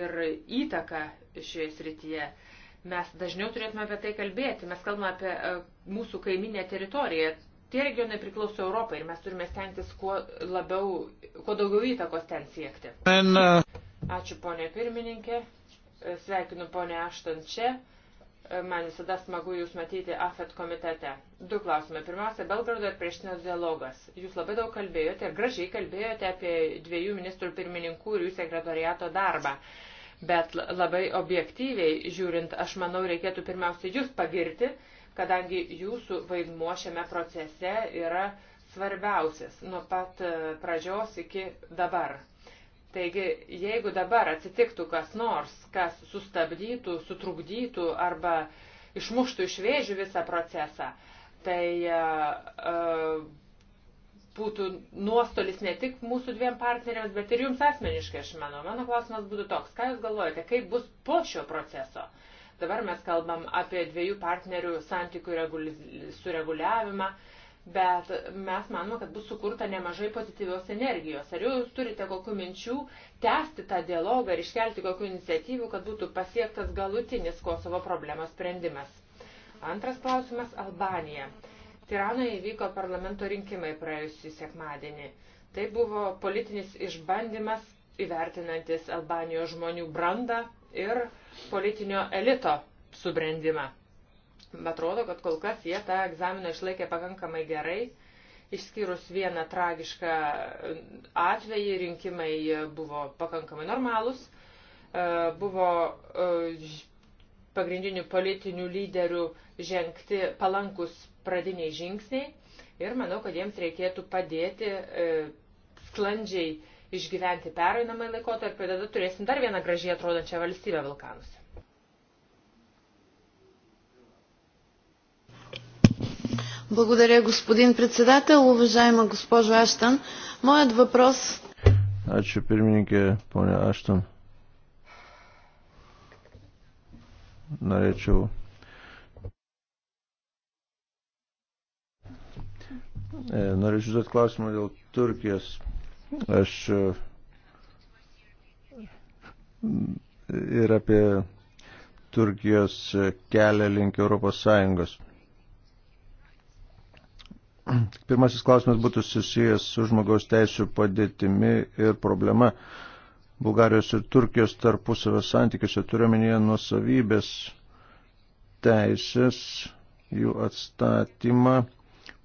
[SPEAKER 2] ir įtaką šioje srityje. Mes dažniau turėtume apie tai kalbėti. Mes kalbame apie e, mūsų kaiminę teritoriją. Tie regionai priklauso Europai ir mes turime stengtis kuo, labiau, kuo daugiau įtakos ten siekti.
[SPEAKER 3] Uh,
[SPEAKER 2] Ačiū, ponė pirmininkė. Sveikinu ponę Ašton čia. E, Man visada smagu Jūs matyti AFET komitete. Du klausimai. Pirmiausia, Belgrado ir prieštinės dialogas. Jūs labai daug kalbėjote ir gražiai kalbėjote apie dviejų ministrų pirmininkų ir jų sekretoriato darbą. Bet labai objektyviai žiūrint, aš manau, reikėtų pirmiausia Jūs pagirti, kadangi Jūsų vaidmuo šiame procese yra svarbiausias nuo pat e, pradžios iki dabar. Taigi, jeigu dabar atsitiktų kas nors, kas sustabdytų, sutrukdytų arba išmuštų iš vėžių visą procesą, tai uh, būtų nuostolis ne tik mūsų dviem partneriams, bet ir jums asmeniškai, aš manau. Mano klausimas būtų toks, ką jūs galvojate, kaip bus po šio proceso? Dabar mes kalbam apie dviejų partnerių santykių sureguliavimą. Uh, bet mes manome, kad bus sukurta nemažai pozityvios energijos. Ar jūs turite kokių minčių tęsti tą dialogą ir iškelti kokių iniciatyvų, kad būtų pasiektas galutinis Kosovo problemos sprendimas? Antras klausimas - Albanija. Tiranoje įvyko parlamento rinkimai praėjusį sekmadienį. Tai buvo politinis išbandymas įvertinantis Albanijos žmonių brandą ir politinio elito subrendimą. Atrodo, kad kol kas jie tą egzaminą išlaikė pakankamai gerai. Išskyrus vieną tragišką atvejį, rinkimai buvo pakankamai normalūs. E, buvo e, pagrindinių politinių lyderių žengti palankus pradiniai žingsniai ir manau, kad jiems reikėtų padėti e, sklandžiai išgyventi pereinamai laikotarpį, tada turėsim dar vieną gražiai atrodančią valstybę Balkanuose. Благодаря, господин председател. Уважаема госпожо Аштан, моят въпрос...
[SPEAKER 1] Ačiū pirmininkė, ponia Ašton. Norėčiau Norėčiau užduoti klausimą dėl Turkijos. Aš ir apie Turkijos kelią link Europos Sąjungos. Pirmasis klausimas būtų susijęs su žmogaus teisų padėtimi ir problema Bulgarijos ir Turkijos tarpusavio santykiuose turiuomenėje nusavybės teisės, jų atstatymą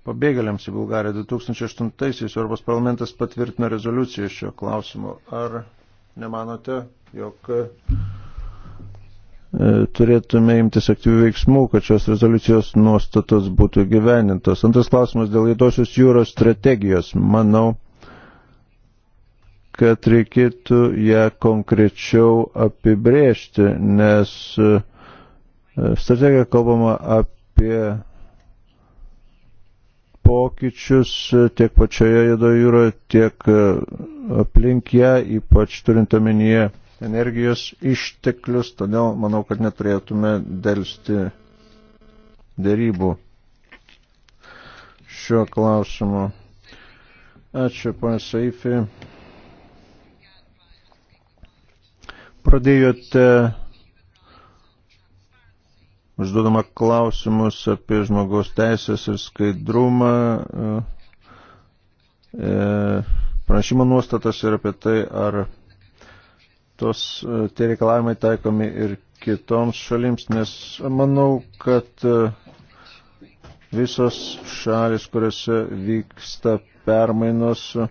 [SPEAKER 1] pabėgėliams į Bulgariją. 2008-aisiais Europos parlamentas patvirtino rezoliuciją šio klausimo. Ar nemanote, jog E, turėtume imtis aktyvių veiksmų, kad šios rezoliucijos nuostatos būtų gyvenintos. Antras klausimas dėl Lietosios jūros strategijos. Manau, kad reikėtų ją konkrečiau apibrėžti, nes e, strategija kalbama apie pokyčius tiek pačioje Jėdo jūroje, tiek e, aplink ją, ypač turint omenyje energijos išteklius, todėl manau, kad neturėtume dėlsti dėrybų šiuo klausimu. Ačiū, pana Saifė. Pradėjote užduodama klausimus apie žmogaus teisės ir skaidrumą, e, e pranešimo nuostatas ir apie tai, ar tos, e, tie reikalavimai taikomi ir kitoms šalims, nes manau, kad e, visos šalis, kuriuose vyksta permainos, e,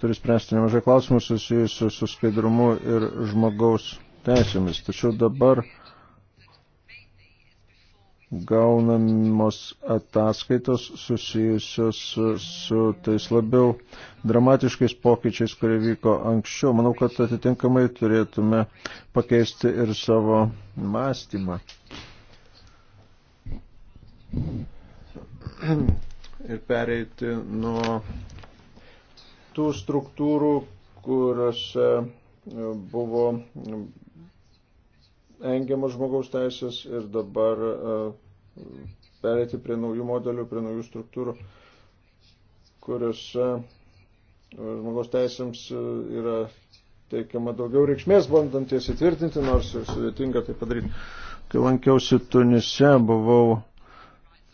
[SPEAKER 1] turi spręsti nemažai klausimų susijusių su skaidrumu ir žmogaus teisėmis. Tačiau dabar gaunamos ataskaitos susijusios su, su tais labiau dramatiškais pokyčiais, kurie vyko anksčiau. Manau, kad atitinkamai turėtume pakeisti ir savo mąstymą. Ir pereiti nuo tų struktūrų, kuriuose buvo engiamas žmogaus teisės ir dabar e, pereiti prie naujų modelių, prie naujų struktūrų, kuriuose žmogaus teisėms e, yra teikiama daugiau reikšmės, bandant jas įtvirtinti, nors ir sudėtinga tai padaryti. Kai lankiausi Tunise, buvau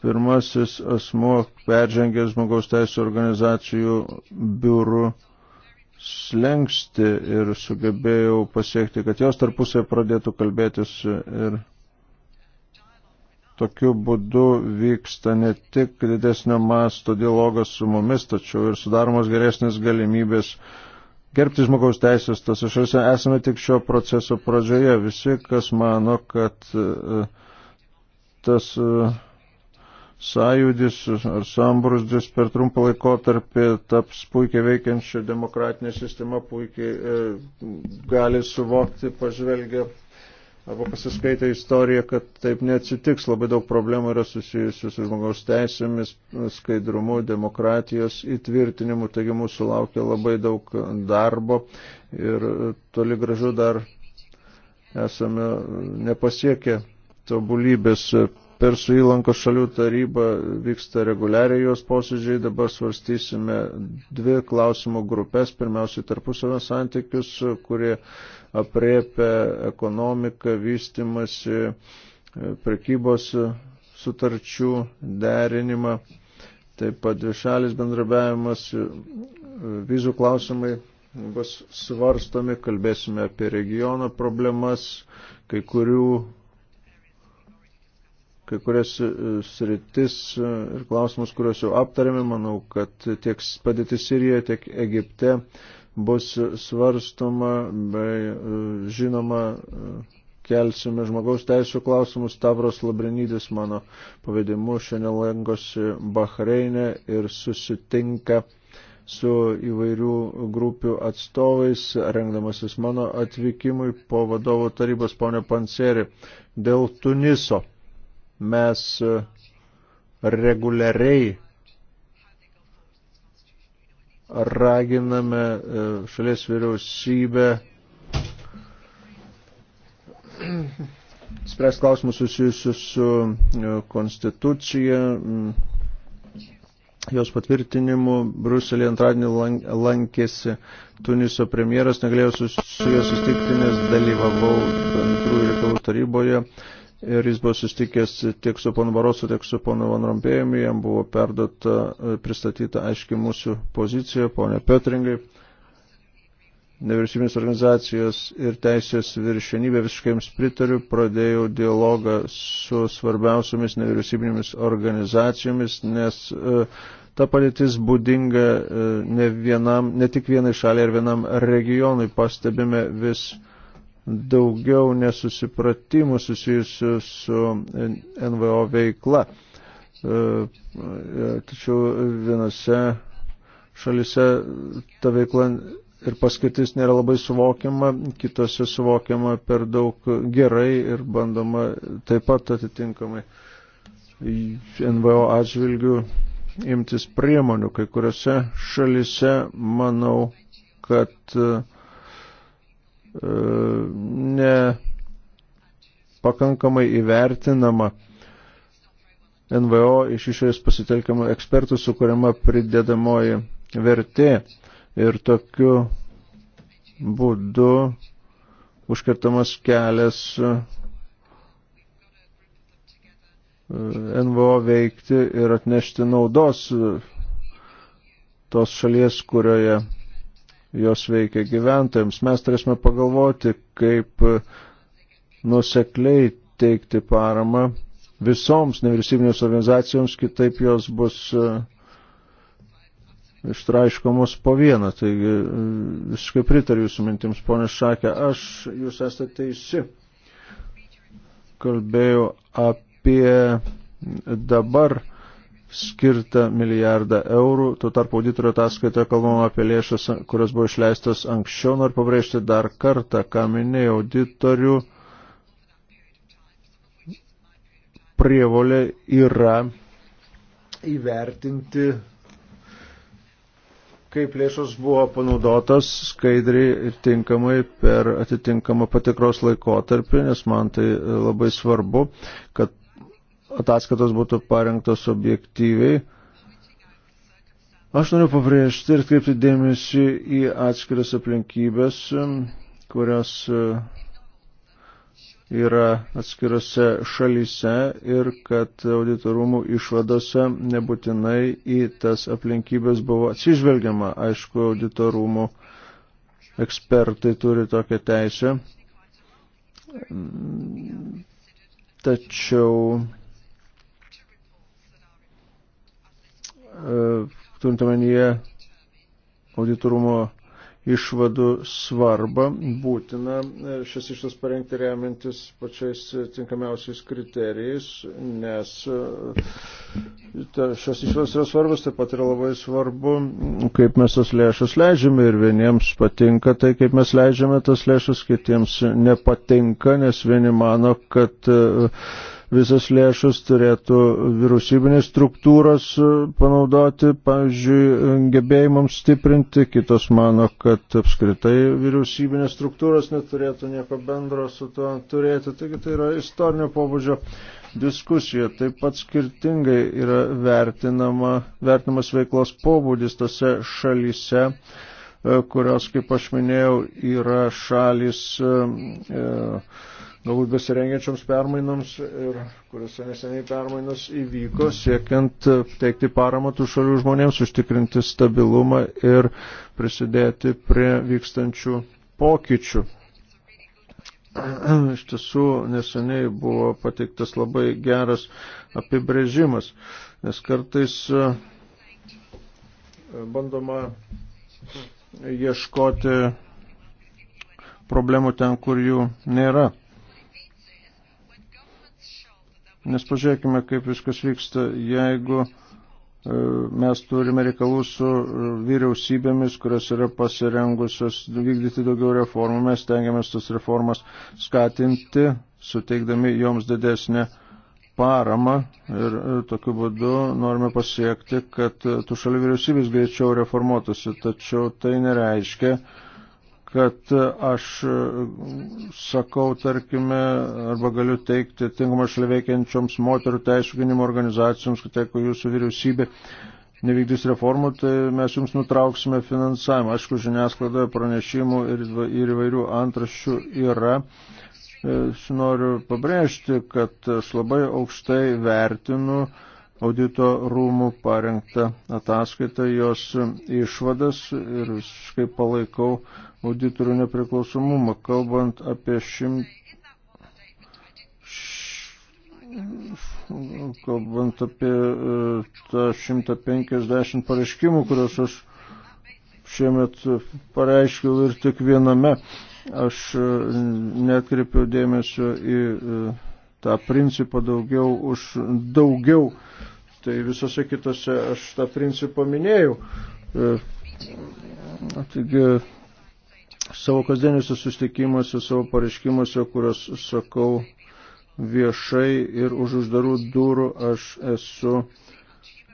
[SPEAKER 1] pirmasis asmo peržengęs žmogaus teisų organizacijų biurų slengsti ir sugebėjau pasiekti, kad jos tarpusai pradėtų kalbėtis ir Tokiu būdu vyksta ne tik didesnio masto dialogas su mumis, tačiau ir sudaromos geresnės galimybės gerbti žmogaus teisės tose šalise. Esame tik šio proceso pradžioje. Visi, kas mano, kad e, tas e, sąjūdis ar sambrusdis per trumpą laikotarpį taps puikiai veikiančią demokratinę sistemą, puikiai e, gali suvokti, pažvelgia arba pasiskaitę istoriją, kad taip neatsitiks. Labai daug problemų yra susijusių su žmogaus teisėmis, skaidrumu, demokratijos įtvirtinimu. Taigi mūsų laukia labai daug darbo ir toli gražu dar esame nepasiekę tobulybės. Persų įlankos šalių taryba vyksta reguliariai jos posėdžiai, dabar svarstysime dvi klausimų grupės, pirmiausiai tarpusavio santykius, kurie uh, apriepia ekonomiką, vystimasi, e, prekybos sutarčių derinimą, taip pat dvišalis bendrabiavimas, e, vizų klausimai bus svarstomi, kalbėsime apie regiono problemas, kai kurių kai kurias e, sritis ir klausimus, kuriuos jau aptarėme, manau, kad tiek padėtis Sirijoje, tiek Egipte bus svarstoma, bei e, žinoma, e, kelsime žmogaus teisų klausimus. Tavros Labrinydis mano pavedimu šiandien lankosi Bahreinė ir susitinka su įvairių grupių atstovais, rengdamasis mano atvykimui po vadovų tarybos ponio Panseri. Dėl Tuniso mes e, reguliariai raginame e, šalies vyriausybę spręs klausimus susijusius su e, konstitucija, jos patvirtinimu. Bruselį antradienį lankėsi Tuniso premjeras, negalėjau su, su juo sustikti, nes dalyvavau bendrųjų reikalų taryboje ir jis buvo sustikęs tiek su ponu Barosu, tiek su ponu Van Rompėjumi, jam buvo perdata, e, pristatyta aiški mūsų pozicija, ponė Petringai. Nevyriausybinės organizacijos ir teisės viršenybė visiškai jums pritariu, pradėjau dialogą su svarbiausiamis nevyriausybinėmis organizacijomis, nes uh, ta padėtis būdinga e, ne, vienam, ne tik vienai šaliai ar vienam regionui, pastebime vis uh, daugiau nesusipratimų susijusių su NVO veikla. E, e, tačiau vienose šalise ta veikla ir paskaitis nėra labai suvokiama, kitose suvokiama per daug gerai ir bandoma taip pat atitinkamai NVO atžvilgių imtis priemonių. Kai kuriuose šalise manau, kad uh, E, nepakankamai įvertinama NVO iš išorės pasitelkiamų ekspertų sukuriama pridedamoji vertė ir tokiu būdu užkirtamas kelias e, NVO veikti ir atnešti naudos e, tos šalies, kurioje jos veikia gyventojams. Mes turėsime pagalvoti, kaip nusekliai teikti paramą visoms nevyriausybinės organizacijoms, kitaip jos bus e, ištraiškomos po vieną. Taigi e, visiškai pritariu jūsų mintims, ponė Šakė. Aš, jūs esate teisi. Kalbėjau apie dabar skirta milijardą eurų. Tuo tarpu auditorio ataskaitoje kalbama apie lėšas, kurios buvo išleistos anksčiau. Noriu pabrėžti dar kartą, ką minėjo auditorių prievolė yra įvertinti, kaip lėšos buvo panaudotos skaidriai ir tinkamai per atitinkamą patikros laikotarpį, nes man tai labai svarbu, kad ataskaitos būtų parengtos objektyviai. Aš noriu pabrėžti ir kreipti dėmesį į atskiras aplinkybės, kurios e, yra atskirose šalyse ir kad auditorumų išvadose nebūtinai į tas aplinkybės buvo atsižvelgiama. Aišku, auditorumų ekspertai turi tokią teisę. Tačiau E, turint omenyje auditorumo išvadų svarbą, būtina e, šis ištas parengti remiantis pačiais tinkamiausiais kriterijais, nes e, ta, šios išvados yra svarbus, taip pat yra labai svarbu, kaip mes tas lėšas leidžiame ir vieniems patinka tai, kaip mes leidžiame tas lėšas, kitiems nepatinka, nes vieni mano, kad uh, visas lėšas turėtų vyriausybinės struktūros e, panaudoti, pavyzdžiui, gebėjimams stiprinti, kitos mano, kad apskritai vyriausybinės struktūros neturėtų nieko bendro su tuo turėti. Taigi tai yra istorinio pobūdžio diskusija. Taip pat skirtingai yra vertinama, vertinamas veiklos pobūdis tose šalyse e, kurios, kaip aš minėjau, yra šalis e, e galbūt besirengiančioms permainoms ir kuriuose neseniai permainos įvyko, siekiant e, teikti paramą tų šalių žmonėms, užtikrinti stabilumą ir prisidėti prie vykstančių pokyčių. Iš tiesų neseniai buvo pateiktas labai geras apibrėžimas, nes kartais e, bandoma ieškoti problemų ten, kur jų nėra. Nes pažiūrėkime, kaip viskas vyksta, jeigu e, mes turime reikalų su e, vyriausybėmis, kurios yra pasirengusios vykdyti daugiau reformų, mes tengiamės tas reformas skatinti, suteikdami joms didesnę paramą ir e, tokiu būdu norime pasiekti, kad tų šalių vyriausybės greičiau reformuotųsi, tačiau tai nereiškia, kad aš sakau, tarkime, arba galiu teikti tinkamą šalia veikiančioms moterų teisų gynimo organizacijoms, kad jeigu jūsų vyriausybė nevykdys reformų, tai mes jums nutrauksime finansavimą. Aišku, žiniasklaidoje pranešimų ir, ir įvairių antraščių yra. E, noriu pabrėžti, kad aš labai aukštai vertinu audito rūmų parengtą ataskaitą, jos išvadas ir visiškai palaikau uh, auditorių nepriklausomumą. Kalbant apie šim... Kalbant apie e, tą 150 pareiškimų, kuriuos aš šiemet pareiškiau ir tik viename, aš e, netkreipiau dėmesio į e, tą principą daugiau už daugiau. Tai visose kitose aš tą principą minėjau. Taigi savo kasdieniuose susitikimuose, savo pareiškimuose, kuriuos sakau viešai ir už uždarų durų, aš esu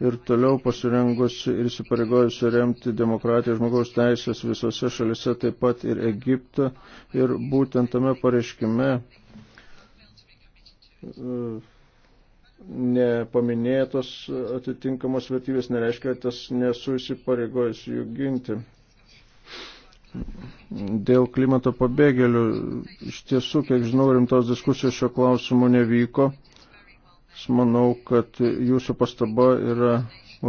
[SPEAKER 1] ir toliau pasirengusi ir įsipareigojusi remti demokratiją žmogaus teisės visose šalise, taip pat ir Egiptą. Ir būtent tame pareiškime e, nepaminėtos atitinkamos vertybės nereiškia, kad tas nesu įsipareigojusi jų ginti. Dėl klimato pabėgėlių iš tiesų, kiek žinau, rimtos diskusijos šio klausimu nevyko. Aš manau, kad jūsų pastaba yra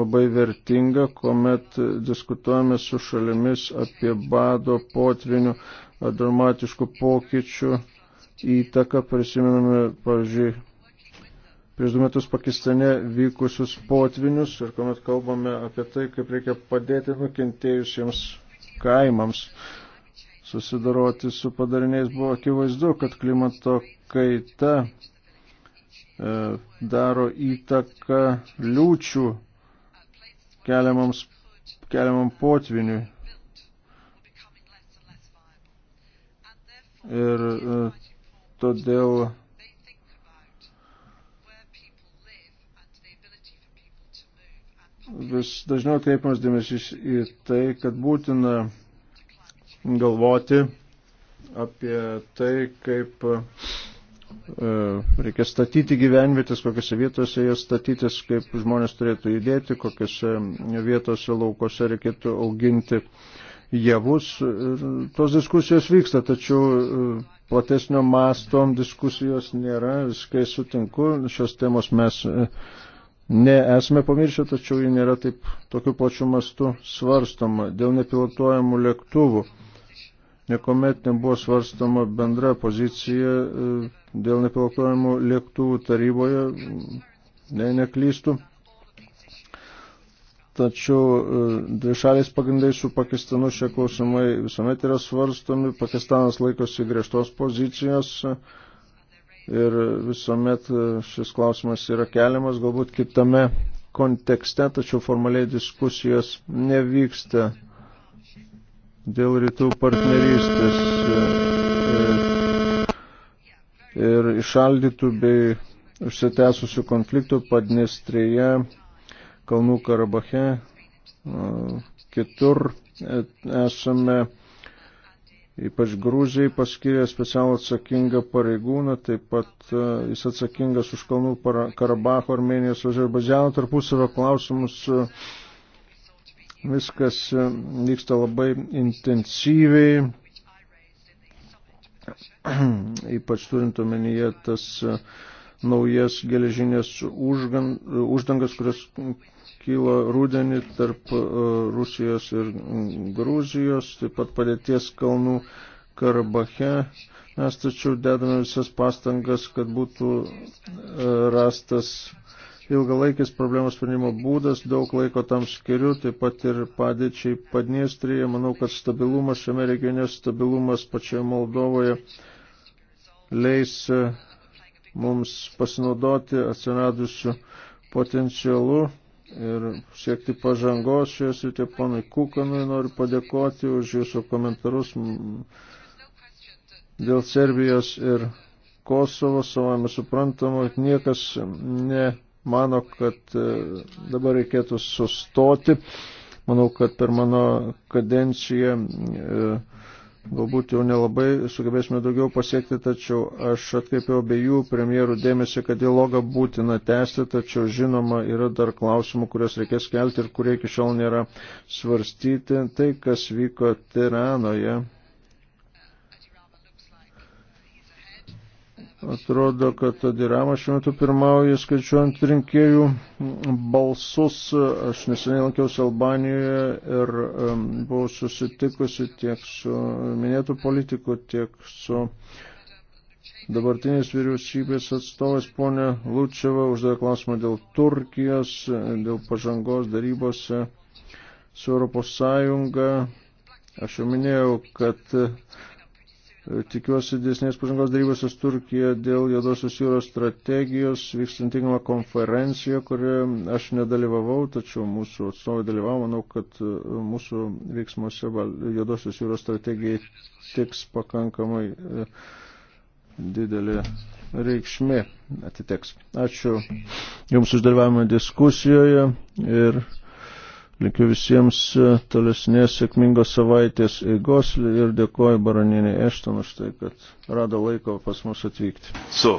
[SPEAKER 1] labai vertinga, kuomet diskutuojame su šalimis apie bado potvinių ar dramatiškų pokyčių įtaką. Prisimename, pavyzdžiui, prieš du metus Pakistane vykusius potvinius ir kuomet kalbame apie tai, kaip reikia padėti nukentėjusiems kaimams susidoroti su padariniais buvo akivaizdu, kad klimato kaita e, daro įtaką liūčių keliamams, keliamam potviniui. Ir e, todėl vis dažniau kreipiamas dėmesys į tai, kad būtina galvoti apie tai, kaip e, reikia statyti gyvenvietės, kokiose vietose jas statytis, kaip žmonės turėtų judėti, kokiose vietose laukose reikėtų auginti javus. Tos diskusijos vyksta, tačiau e, platesnio masto diskusijos nėra, viskai sutinku, šios temos mes e, Nesame pamiršę, tačiau ji nėra taip tokiu plačiu mastu svarstoma dėl nepilotuojamų lėktuvų. Niekuomet nebuvo svarstama bendra pozicija e, dėl nepilotuojamų lėktuvų taryboje, ne, neklystų. Tačiau e, dvi šalės pagrindai su Pakistanu šie klausimai visuomet yra svarstomi. Pakistanas laikosi griežtos pozicijos ir visuomet e, šis klausimas yra keliamas galbūt kitame kontekste, tačiau formaliai diskusijos nevyksta dėl rytų partnerystės ir, e, e, ir išaldytų bei užsitęsusių konfliktų Padnestrėje, Kalnų Karabache, kitur esame Ypač Grūzijai paskyrė specialų atsakingą pareigūną, taip pat e, jis atsakingas už Kalnų Karabacho, Armenijos, Azerbaidžiano tarpusavio klausimus. Viskas e, vyksta labai intensyviai, ypač turint omenyje tas e, naujas geležinės uždangas, kurios kilo rūdienį tarp e, Rusijos ir Grūzijos, taip pat padėties kalnų Karabache. Mes tačiau dedame visas pastangas, kad būtų e, rastas ilgalaikis problemos sprendimo būdas, daug laiko tam skiriu, taip pat ir padėčiai Padniestrėje. Manau, kad stabilumas šiame regione, stabilumas pačioje Moldovoje leis e, mums pasinaudoti atsiradusiu potencialu ir siekti pažangos šioje srityje. Ponai Kukanui noriu padėkoti už jūsų komentarus dėl Serbijos ir Kosovo, savame suprantama, niekas nemano, kad e, dabar reikėtų sustoti. Manau, kad per mano kadenciją e, galbūt jau nelabai sugebėsime daugiau pasiekti, tačiau aš atkreipiau abiejų premjerų dėmesį, kad dialogą būtina tęsti, tačiau žinoma yra dar klausimų, kurias reikės kelti ir kurie iki šiol nėra svarstyti. Tai, kas vyko Tiranoje, Atrodo, kad Adirama šiuo metu pirmauja skaičiuojant rinkėjų balsus. Aš neseniai lankiausi Albanijoje ir um, buvau susitikusi tiek su minėtų politikų, tiek su dabartinės vyriausybės atstovas ponė Lučiava uždavė klausimą dėl Turkijos, dėl pažangos darybose su Europos Sąjunga. Aš jau minėjau, kad uh, E, tikiuosi dėsnės pažangos darybose su Turkija dėl Jodosios jūros strategijos vykstant tinkamą konferenciją, kurioje aš nedalyvavau, tačiau mūsų atstovai dalyvavo. Manau, kad e, mūsų veiksmuose Jodosios jūros strategijai tiks pakankamai e, didelė reikšmė atiteks. Ačiū Jums už dalyvavimą diskusijoje ir Likiu visiems e, tolesnės sėkmingos savaitės eigos ir dėkoju baroninė Ešton už tai, kad rado laiko pas mus atvykti. So.